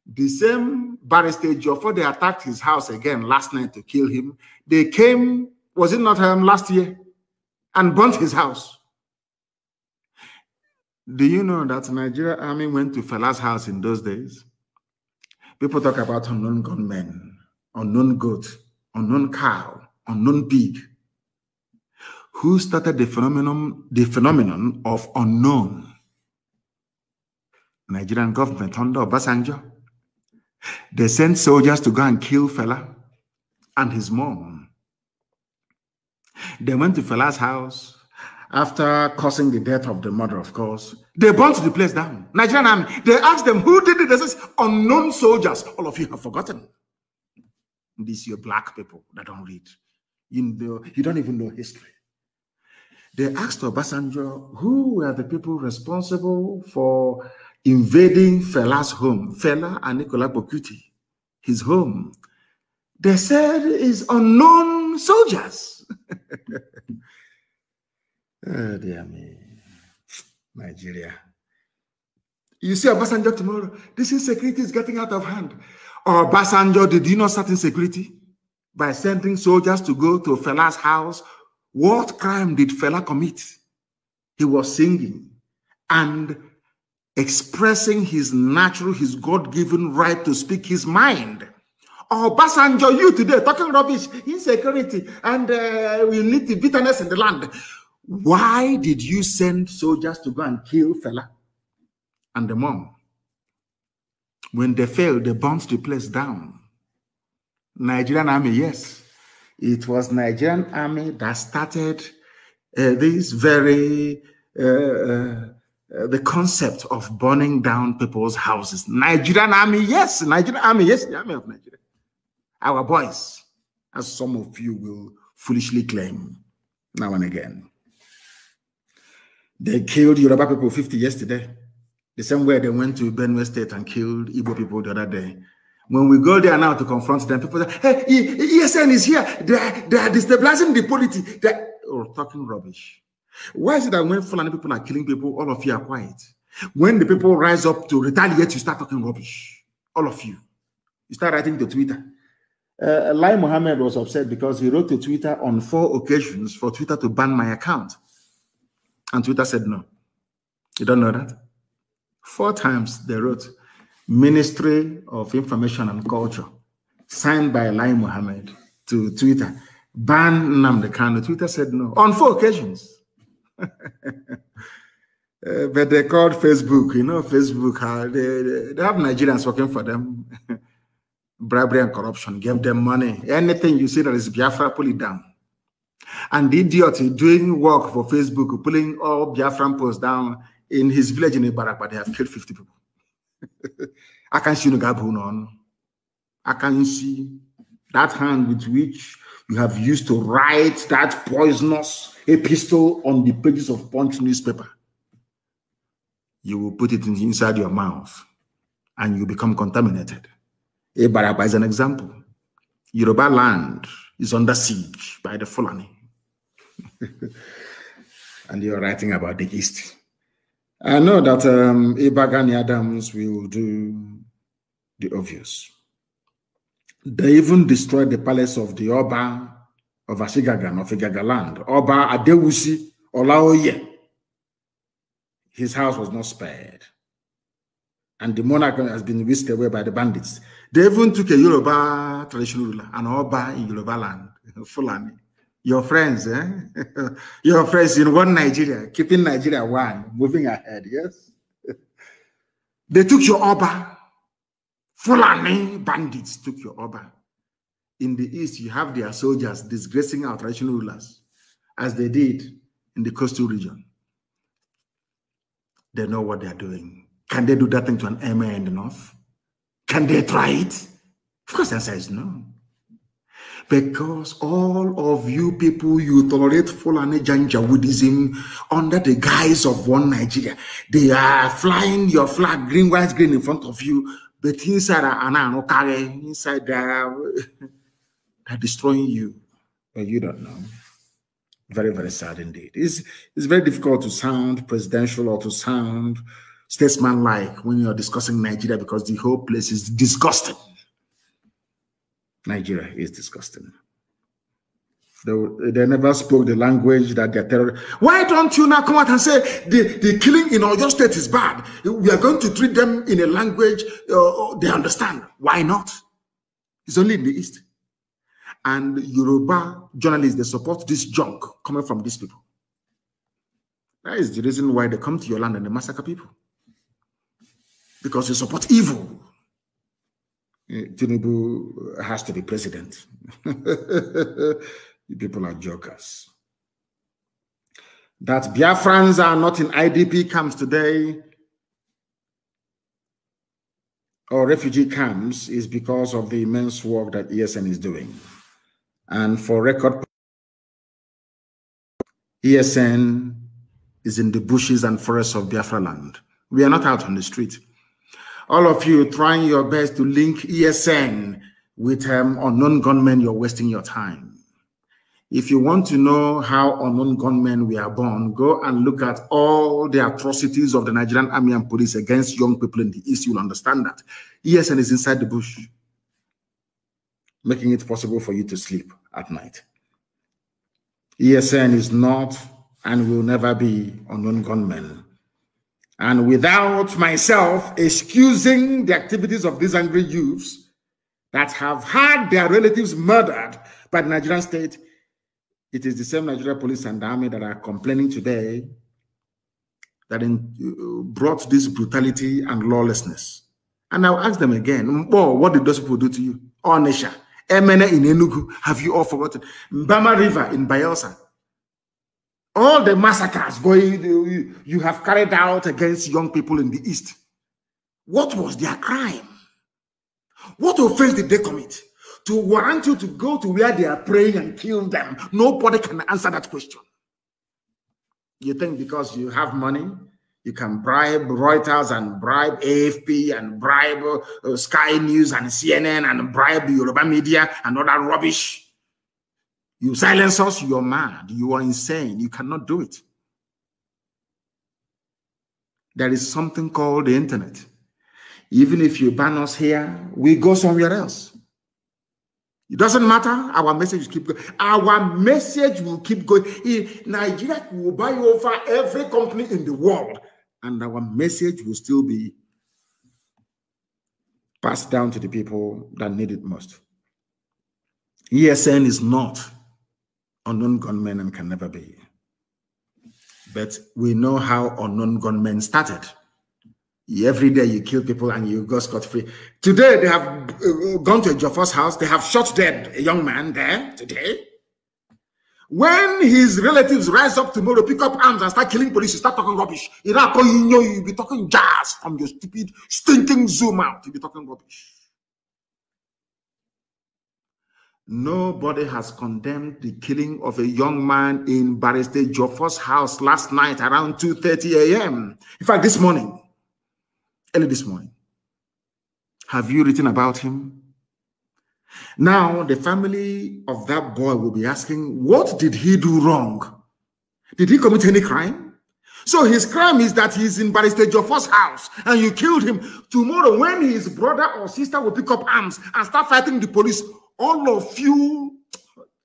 The same barrister Joffo, they attacked his house again last night to kill him. They came, was it not him um, last year, and burnt his house. Do you know that Nigeria army went to Fela's house in those days? People talk about unknown gunmen, unknown goat, unknown cow, unknown pig who started the phenomenon, the phenomenon of unknown. Nigerian government under Obasanjo. They sent soldiers to go and kill Fela and his mom. They went to Fela's house after causing the death of the mother, of course. They burnt the place down. Nigerian army, they asked them, who did it? They says, unknown soldiers. All of you have forgotten. These are black people that don't read. You, know, you don't even know history they asked Obasanjo who were the people responsible for invading Fela's home, Fela and Nicola Bokuti, his home. They said it's unknown soldiers. oh, dear me. Nigeria. You see Obasanjo tomorrow. This insecurity is getting out of hand. Obasanjo, did you not start insecurity by sending soldiers to go to Fela's house what crime did Fela commit? He was singing and expressing his natural, his God given right to speak his mind. Oh, Basanjo, you today talking rubbish, insecurity, and uh, we need the bitterness in the land. Why did you send soldiers to go and kill Fela and the mom? When they failed, they bounced the place down. Nigerian army, yes. It was Nigerian army that started uh, this very uh, uh, the concept of burning down people's houses. Nigerian army, yes, Nigerian army, yes, the army of Nigeria. Our boys, as some of you will foolishly claim now and again. They killed Yoruba people 50 yesterday, the same way they went to Benue State and killed Igbo people the other day. When we go there now to confront them, people say, hey, ESN is here. They're, they're destabilizing the polity. They're oh, talking rubbish. Why is it that when Fulani people are killing people, all of you are quiet? When the people rise up to retaliate, you start talking rubbish. All of you. You start writing to Twitter. Uh, Lai Mohammed was upset because he wrote to Twitter on four occasions for Twitter to ban my account. And Twitter said no. You don't know that? Four times they wrote. Ministry of Information and Culture, signed by Lai Mohammed to Twitter, ban Namde Kano. Twitter said no on four occasions. uh, but they called Facebook, you know, Facebook, uh, they, they have Nigerians working for them. Bribery and corruption gave them money. Anything you see that is Biafra, pull it down. And the idiot doing work for Facebook, pulling all Biafran posts down in his village in but they have killed 50 people. I can see the gap on. I can see that hand with which you have used to write that poisonous epistle on the pages of Punch newspaper. You will put it in, inside your mouth and you become contaminated. Ebaraba is an example. Yoruba land is under siege by the Fulani. and you're writing about the East. I know that um, Ibagani Adams will do the obvious. They even destroyed the palace of the Oba of Ashigagan, of Igagaland, Oba Adewusi Olaoye. His house was not spared. And the monarch has been whisked away by the bandits. They even took a Yoruba traditional ruler, an Oba in Yoruba land, Fulani your friends, eh? your friends in one Nigeria, keeping Nigeria one, moving ahead, yes? they took your Oba. Fulani bandits took your Oba. In the east, you have their soldiers disgracing our traditional rulers, as they did in the coastal region. They know what they're doing. Can they do that thing to an MA in the north? Can they try it? Of course, the answer is no because all of you people you tolerate Fulani Janjaweedism under the guise of one Nigeria. They are flying your flag, green, white, green in front of you, but inside are no carry, inside they are, they are destroying you. But you don't know. Very, very sad indeed. It's it's very difficult to sound presidential or to sound statesman-like when you're discussing Nigeria because the whole place is disgusting. Nigeria is disgusting. They, they never spoke the language that they're terror. Why don't you now come out and say the, the killing in your State is bad? We are going to treat them in a language uh, they understand. Why not? It's only in the East. And Yoruba journalists, they support this junk coming from these people. That is the reason why they come to your land and they massacre people. Because you support evil. Eh, Tinubu has to be president. People are jokers. That Biafrans are not in IDP camps today or refugee camps is because of the immense work that ESN is doing. And for record, ESN is in the bushes and forests of Biafra land. We are not out on the street all of you trying your best to link ESN with um, unknown gunmen, you're wasting your time. If you want to know how unknown gunmen were born, go and look at all the atrocities of the Nigerian army and police against young people in the East. You'll understand that. ESN is inside the bush, making it possible for you to sleep at night. ESN is not and will never be unknown gunmen. And without myself excusing the activities of these angry youths that have had their relatives murdered by the Nigerian state, it is the same Nigerian police and army that are complaining today that in, uh, brought this brutality and lawlessness. And I'll ask them again, oh, what did those people do to you? Onisha, oh, Emene in Enugu, have you all forgotten? Mbama River in Bayelsa, all the massacres going you, have carried out against young people in the East. What was their crime? What offense did they commit to warrant you to go to where they are praying and kill them? Nobody can answer that question. You think because you have money, you can bribe Reuters and bribe AFP and bribe uh, Sky News and CNN and bribe Yoruba media and all that rubbish you silence us, you're mad, you are insane, you cannot do it. There is something called the internet. Even if you ban us here, we go somewhere else. It doesn't matter. Our message will keep going. Our message will keep going. Nigeria will buy over every company in the world, and our message will still be passed down to the people that need it most. ESN is not unknown gunmen and can never be. But we know how unknown gunmen started. Every day you kill people and you go scot free. Today they have uh, gone to a house. They have shot dead a young man there today. When his relatives rise up tomorrow, pick up arms and start killing police, you start talking rubbish. Iraq, oh, you know, you'll be talking jazz from your stupid, stinking Zoom out. You'll be talking rubbish. Nobody has condemned the killing of a young man in Barrister Joffo's house last night around 2.30 a.m. In fact, this morning, early this morning. Have you written about him? Now, the family of that boy will be asking, what did he do wrong? Did he commit any crime? So his crime is that he's in Barrister Joffo's house and you killed him. Tomorrow, when his brother or sister will pick up arms and start fighting the police, all of you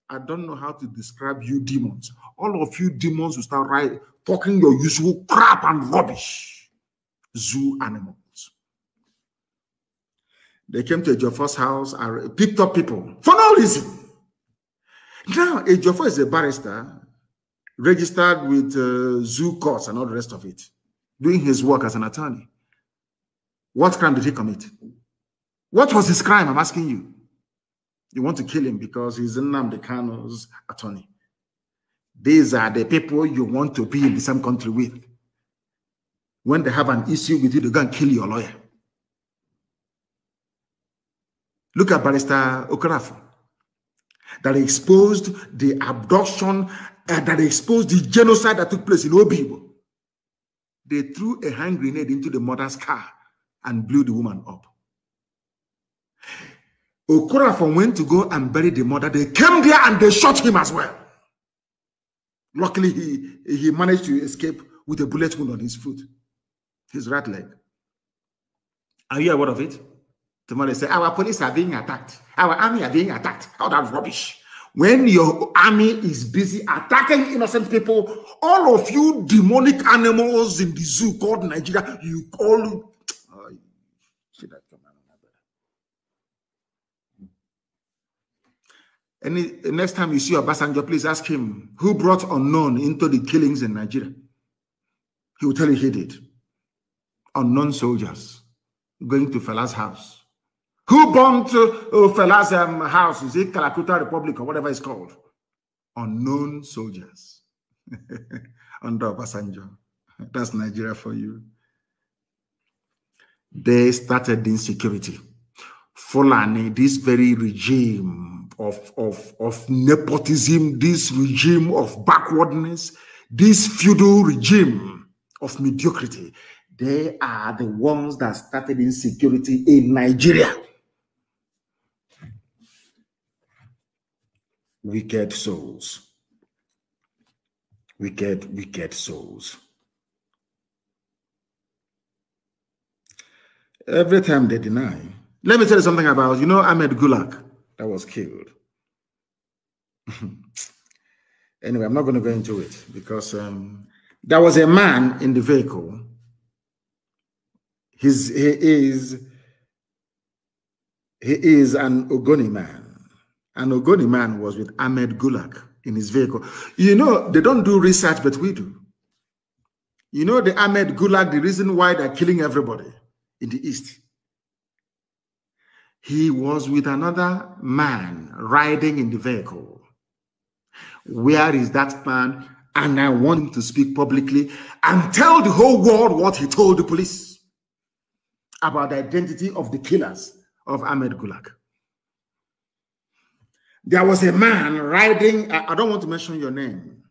i don't know how to describe you demons all of you demons will start right talking your usual crap and rubbish zoo animals they came to Ejiofor's house and picked up people for no reason now Ejiofor is a barrister registered with uh, zoo courts and all the rest of it doing his work as an attorney what crime did he commit what was his crime i'm asking you they want to kill him because he's in Namdekanos' attorney. These are the people you want to be in the same country with. When they have an issue with you, they go and kill your lawyer. Look at Barrister Okarafo that exposed the abduction, uh, that exposed the genocide that took place in Obibo. They threw a hand grenade into the mother's car and blew the woman up. Okorafon went to go and bury the mother. They came there and they shot him as well. Luckily, he, he managed to escape with a bullet wound on his foot, his right leg. Are you aware of it? Tomorrow they said, Our police are being attacked. Our army are being attacked. All that rubbish. When your army is busy attacking innocent people, all of you demonic animals in the zoo called Nigeria, you call Any next time you see Obasanjo, please ask him who brought unknown into the killings in Nigeria. He will tell you he did. Unknown soldiers going to Fela's house. Who bombed uh, Fela's um, house? Is it Calcutta Republic or whatever it's called? Unknown soldiers under Obasanjo. That's Nigeria for you. They started insecurity. Fulani, this very regime of, of, of nepotism, this regime of backwardness, this feudal regime of mediocrity, they are the ones that started insecurity in Nigeria. Wicked souls. Wicked, wicked souls. Every time they deny. Let me tell you something about, you know, Ahmed Gulak that was killed. anyway, I'm not going to go into it because um, there was a man in the vehicle. He's, he is he is an Ogoni man. An Ogoni man was with Ahmed Gulak in his vehicle. You know, they don't do research, but we do. You know, the Ahmed Gulag, the reason why they're killing everybody in the East he was with another man riding in the vehicle. Where is that man? And I want him to speak publicly and tell the whole world what he told the police about the identity of the killers of Ahmed Gulag. There was a man riding, I don't want to mention your name.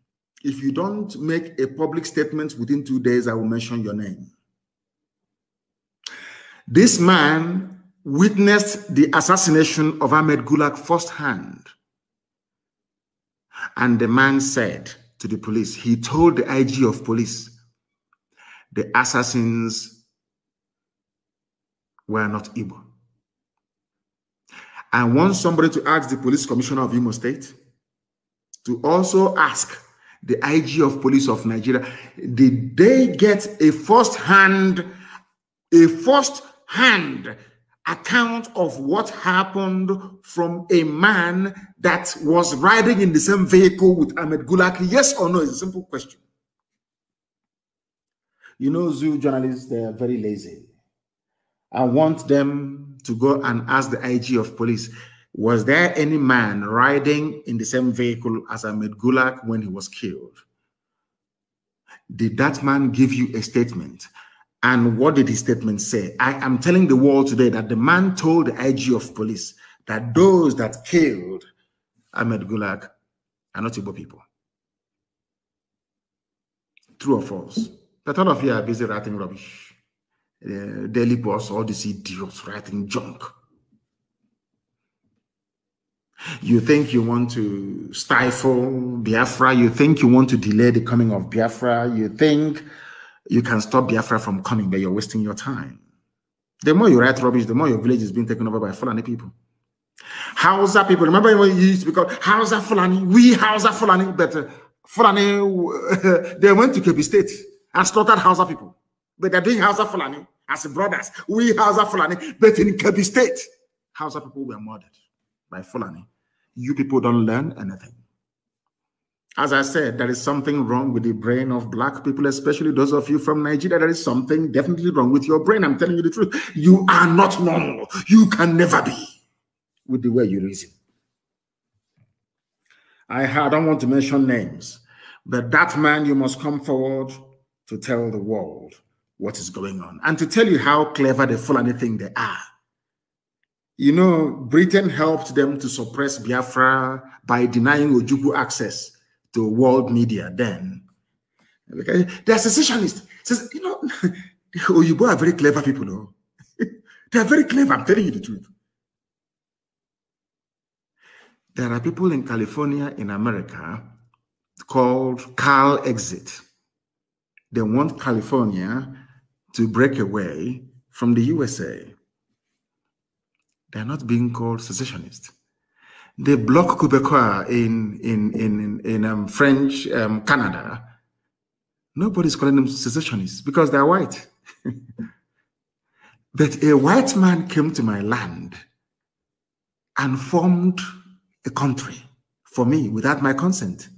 If you don't make a public statement within two days, I will mention your name. This man witnessed the assassination of Ahmed Gulag firsthand. And the man said to the police, he told the IG of police, the assassins were not Igbo. I want somebody to ask the police commissioner of Imo State to also ask the IG of police of Nigeria, did they get a first hand, a first hand account of what happened from a man that was riding in the same vehicle with Ahmed Gulaki? Yes or no? It's a simple question. You know, zoo journalists, they're very lazy. I want them to go and ask the IG of police was there any man riding in the same vehicle as Ahmed Gulak when he was killed? Did that man give you a statement? And what did his statement say? I am telling the world today that the man told the IG of police that those that killed Ahmed Gulag are not Igbo people. True or false? That all of you are busy writing rubbish. Uh, daily posts, all these idiots writing junk. You think you want to stifle Biafra. You think you want to delay the coming of Biafra. You think you can stop Biafra from coming, but you're wasting your time. The more you write rubbish, the more your village is being taken over by Fulani people. Hausa people, remember when you used to be called Hausa Fulani, we Hausa Fulani, but uh, Fulani, they went to Kepi State and slaughtered Hausa people. But they're doing Hausa Fulani as brothers. We Hausa Fulani, but in Kepi State, Hausa people were murdered by Fulani. You people don't learn anything. As I said, there is something wrong with the brain of black people, especially those of you from Nigeria. There is something definitely wrong with your brain. I'm telling you the truth. You are not normal. You can never be with the way you reason. I, I don't want to mention names, but that man, you must come forward to tell the world what is going on and to tell you how clever the Fulani thing they are. You know, Britain helped them to suppress Biafra by denying Ojuku access the world media then. they're secessionists. Says, you know, Oyibo are very clever people, no? Oh. they are very clever, I'm telling you the truth. There are people in California, in America, called Cal Exit. They want California to break away from the USA. They're not being called secessionists the Bloc Quebecois in in in in, in um, French um, Canada, nobody's calling them secessionists because they're white. but a white man came to my land and formed a country for me without my consent.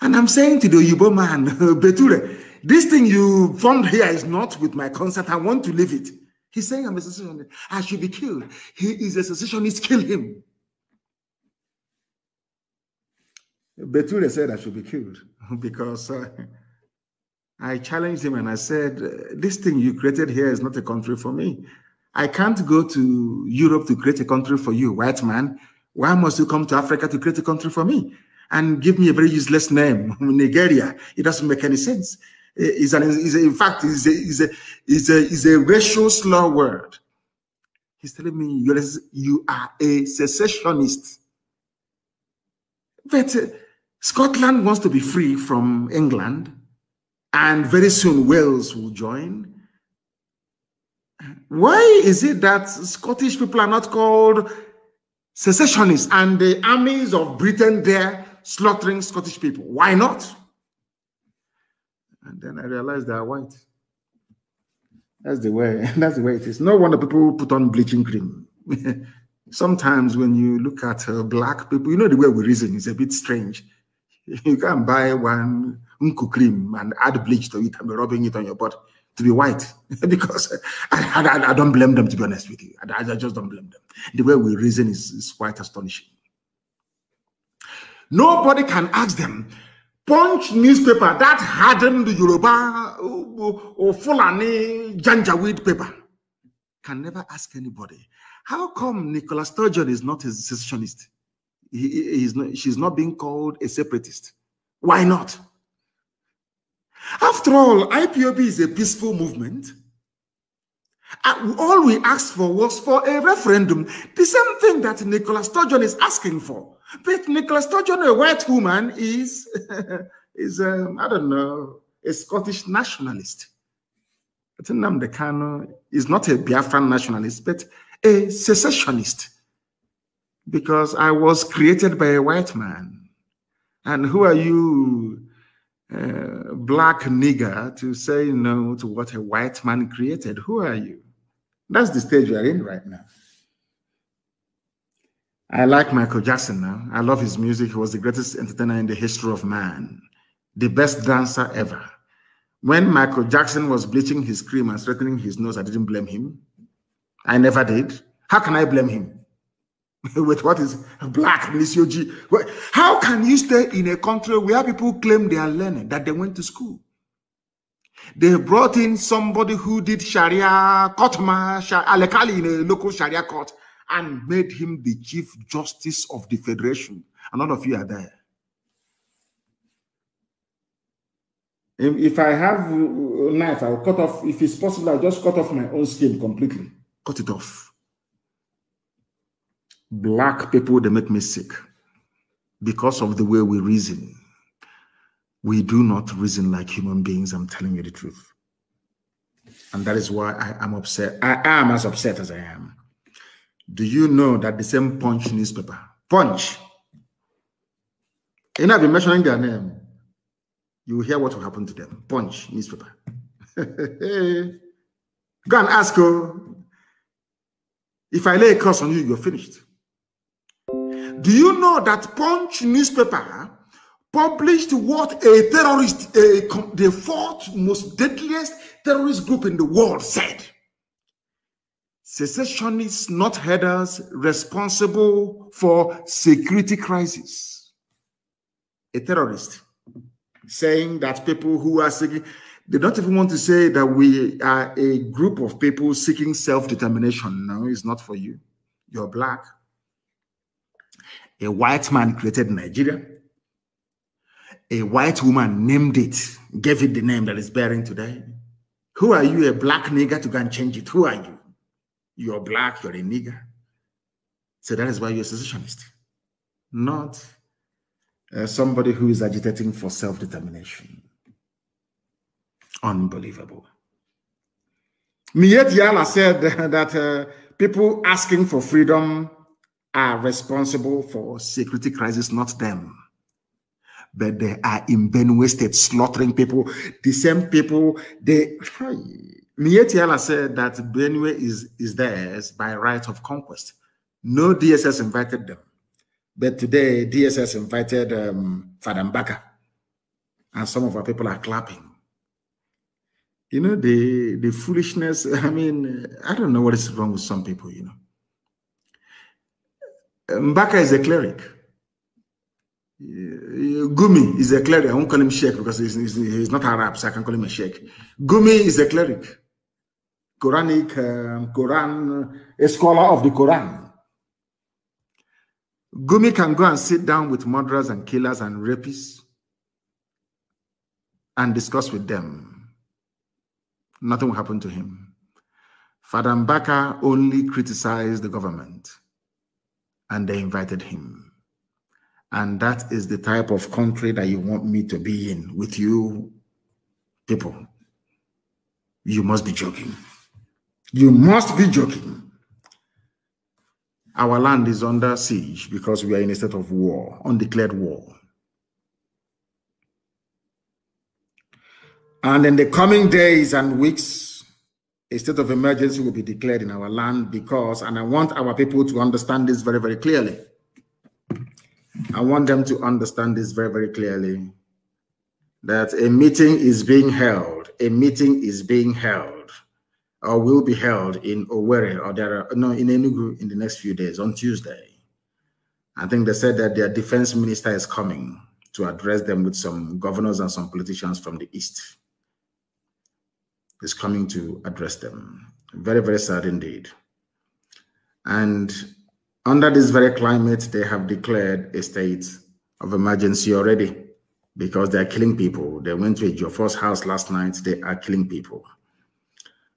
And I'm saying to the Yubo man, Beture, this thing you formed here is not with my consent. I want to leave it. He's saying I'm a secessionist. I should be killed. He is a secessionist. Kill him. Beture said I should be killed because uh, I challenged him and I said, This thing you created here is not a country for me. I can't go to Europe to create a country for you, white man. Why must you come to Africa to create a country for me and give me a very useless name, Nigeria? It doesn't make any sense. It's an, it's a, in fact, it's a, it's, a, it's, a, it's a racial slur word. He's telling me, you are a secessionist. But uh, Scotland wants to be free from England, and very soon Wales will join. Why is it that Scottish people are not called secessionists and the armies of Britain there slaughtering Scottish people? Why not? And then I realized they are white. That's the way. That's the way it is. No wonder people put on bleaching cream. Sometimes when you look at uh, black people, you know the way we reason is a bit strange. you can buy one unku cream and add bleach to it and be rubbing it on your body to be white because I, I, I, don't blame them to be honest with you I, I, just don't blame them the way we reason is, is quite astonishing nobody can ask them punch newspaper that hardened yoruba or uh, uh, fulani janjaweed paper can never ask anybody how come nicola sturgeon is not a secessionist he, he's not, she's not being called a separatist. Why not? After all, IPOB is a peaceful movement. All we asked for was for a referendum, the same thing that Nicola Sturgeon is asking for. But Nicola Sturgeon, a white woman, is, is um, I don't know, a Scottish nationalist. I think Namdekano is not a Biafran nationalist, but a secessionist because I was created by a white man. And who are you, uh, black nigger, to say no to what a white man created? Who are you? That's the stage we are in right now. I like Michael Jackson now. I love his music. He was the greatest entertainer in the history of man, the best dancer ever. When Michael Jackson was bleaching his cream and straightening his nose, I didn't blame him. I never did. How can I blame him? with what is black G? How can you stay in a country where people claim they are learning, that they went to school? They brought in somebody who did Sharia, Kotma, Alekali in a local Sharia court and made him the chief justice of the federation. A lot of you are there. If I have a knife, I'll cut off, if it's possible, I'll just cut off my own skin completely. Cut it off black people they make me sick because of the way we reason we do not reason like human beings i'm telling you the truth and that is why i am upset i am as upset as i am do you know that the same punch newspaper punch and i've been mentioning their name you will hear what will happen to them punch newspaper go and ask her if i lay a curse on you you're finished do you know that Punch newspaper published what a terrorist, a, the fourth most deadliest terrorist group in the world said? Secessionists, not headers, responsible for security crisis. A terrorist saying that people who are seeking, they don't even want to say that we are a group of people seeking self determination. No, it's not for you. You're black, a white man created Nigeria. A white woman named it, gave it the name that is bearing today. Who are you, a black nigger, to go and change it? Who are you? You're black, you're a nigger. So that is why you're a secessionist, not uh, somebody who is agitating for self determination. Unbelievable. Miet Yala said that uh, people asking for freedom are responsible for security crisis, not them. But they are in Benue State slaughtering people. The same people, they... Mietiala said that Benue is, is theirs by right of conquest. No DSS invited them. But today, DSS invited um, Fadambaka. And some of our people are clapping. You know, the, the foolishness, I mean, I don't know what is wrong with some people, you know. Mbaka is a cleric. Gumi is a cleric. I won't call him sheikh because he's, he's, he's not Arab, so I can call him a sheikh. Gumi is a cleric, Quranic, um, Quran, a scholar of the Quran. Gumi can go and sit down with murderers and killers and rapists and discuss with them. Nothing will happen to him. Father Mbaka only criticized the government and they invited him. And that is the type of country that you want me to be in with you people. You must be joking. You must be joking. Our land is under siege because we are in a state of war, undeclared war. And in the coming days and weeks, a state of emergency will be declared in our land because, and I want our people to understand this very, very clearly. I want them to understand this very, very clearly that a meeting is being held, a meeting is being held or will be held in Owerri or there are, no, in Enugu in the next few days on Tuesday. I think they said that their defense minister is coming to address them with some governors and some politicians from the East is coming to address them. Very, very sad indeed. And under this very climate, they have declared a state of emergency already because they are killing people. They went to a Jofor's house last night, they are killing people.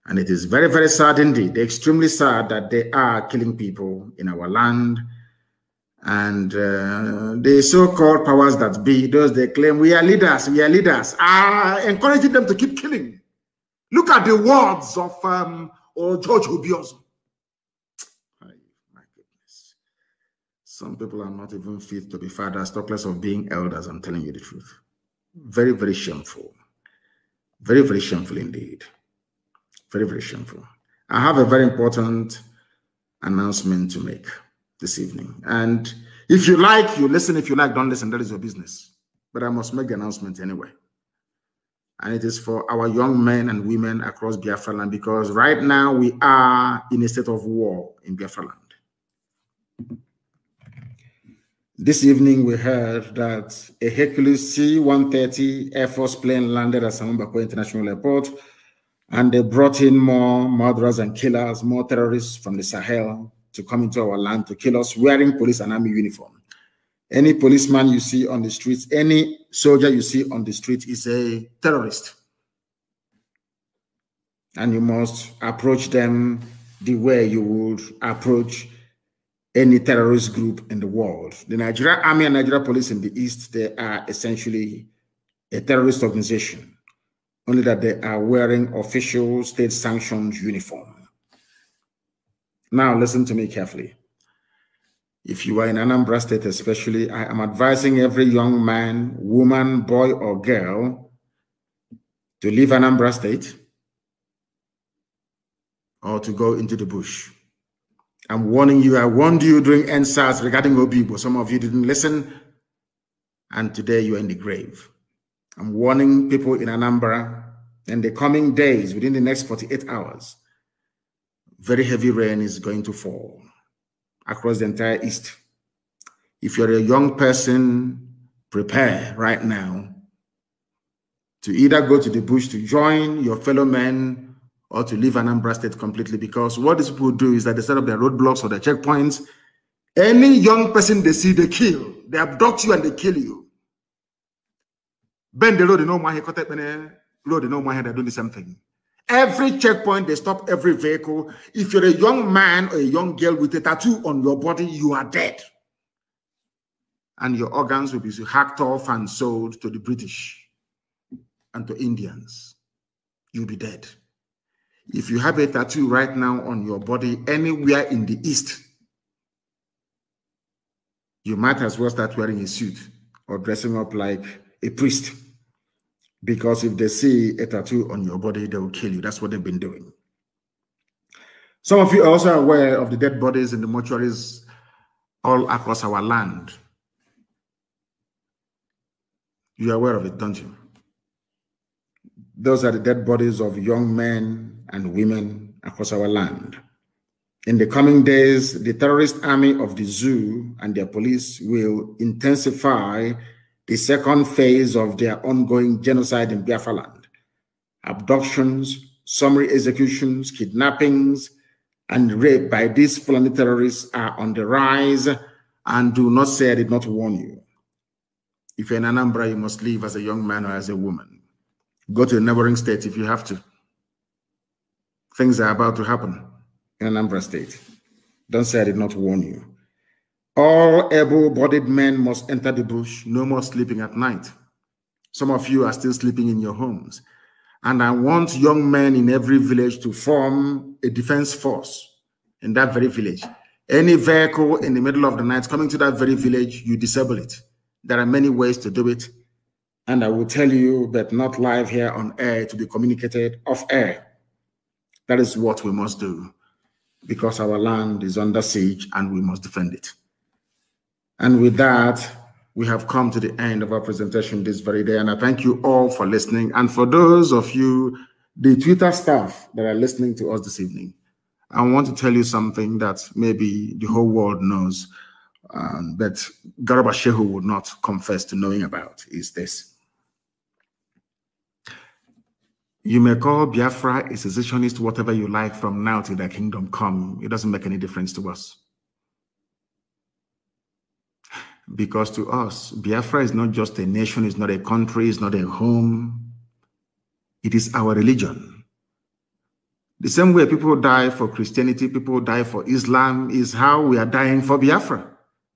And it is very, very sad indeed. They're extremely sad that they are killing people in our land. And uh, the so called powers that be, those they claim we are leaders, we are leaders, are encouraging them to keep killing. Look at the words of um, or George Obiozo. My goodness. Some people are not even fit to be fathers, talk less of being elders. I'm telling you the truth. Very, very shameful. Very, very shameful indeed. Very, very shameful. I have a very important announcement to make this evening. And if you like, you listen. If you like, don't listen. That is your business. But I must make the announcement anyway and it is for our young men and women across Biafra land because right now we are in a state of war in Biafra land. This evening we heard that a Hercules C-130 Air Force plane landed at Samumbako International Airport and they brought in more murderers and killers, more terrorists from the Sahel to come into our land to kill us wearing police and army uniform. Any policeman you see on the streets, any soldier you see on the street is a terrorist. And you must approach them the way you would approach any terrorist group in the world. The Nigeria Army and Nigeria Police in the East, they are essentially a terrorist organization, only that they are wearing official state sanctioned uniform. Now, listen to me carefully if you are in Anambra State, especially, I am advising every young man, woman, boy, or girl to leave Anambra State or to go into the bush. I'm warning you, I warned you during NSAS regarding but Some of you didn't listen, and today you're in the grave. I'm warning people in Anambra in the coming days, within the next 48 hours, very heavy rain is going to fall across the entire East. If you're a young person, prepare right now to either go to the bush to join your fellow men or to leave Anambra State completely because what these people do is that they set up their roadblocks or their checkpoints. Any young person they see, they kill. They abduct you and they kill you. Bend the road, they know my road, they know my head, they're doing the same thing. Every checkpoint, they stop every vehicle. If you're a young man or a young girl with a tattoo on your body, you are dead. And your organs will be hacked off and sold to the British and to Indians. You'll be dead. If you have a tattoo right now on your body anywhere in the East, you might as well start wearing a suit or dressing up like a priest. Because if they see a tattoo on your body, they will kill you. That's what they've been doing. Some of you are also aware of the dead bodies in the mortuaries all across our land. You're aware of it, don't you? Those are the dead bodies of young men and women across our land. In the coming days, the terrorist army of the zoo and their police will intensify the second phase of their ongoing genocide in Biafra land. Abductions, summary executions, kidnappings, and rape by these Fulani terrorists are on the rise. And do not say I did not warn you. If you're in Anambra, you must leave as a young man or as a woman. Go to a neighboring state if you have to. Things are about to happen in Anambra state. Don't say I did not warn you. All able bodied men must enter the bush, no more sleeping at night. Some of you are still sleeping in your homes. And I want young men in every village to form a defense force in that very village. Any vehicle in the middle of the night coming to that very village, you disable it. There are many ways to do it. And I will tell you, but not live here on air to be communicated off air. That is what we must do because our land is under siege and we must defend it. And with that, we have come to the end of our presentation this very day. And I thank you all for listening. And for those of you, the Twitter staff that are listening to us this evening, I want to tell you something that maybe the whole world knows, um, but Garba Shehu would not confess to knowing about is this. You may call Biafra a secessionist, whatever you like, from now till their kingdom come. It doesn't make any difference to us. Because to us, Biafra is not just a nation, it's not a country, it's not a home. It is our religion. The same way people die for Christianity, people die for Islam, is how we are dying for Biafra.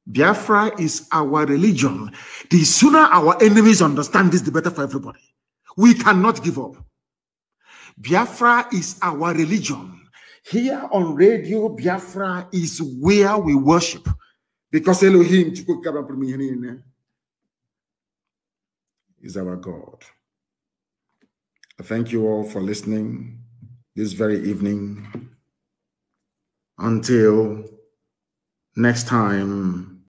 Biafra is our religion. The sooner our enemies understand this, the better for everybody. We cannot give up. Biafra is our religion. Here on Radio Biafra is where we worship. Because Elohim is our God. I thank you all for listening this very evening. Until next time.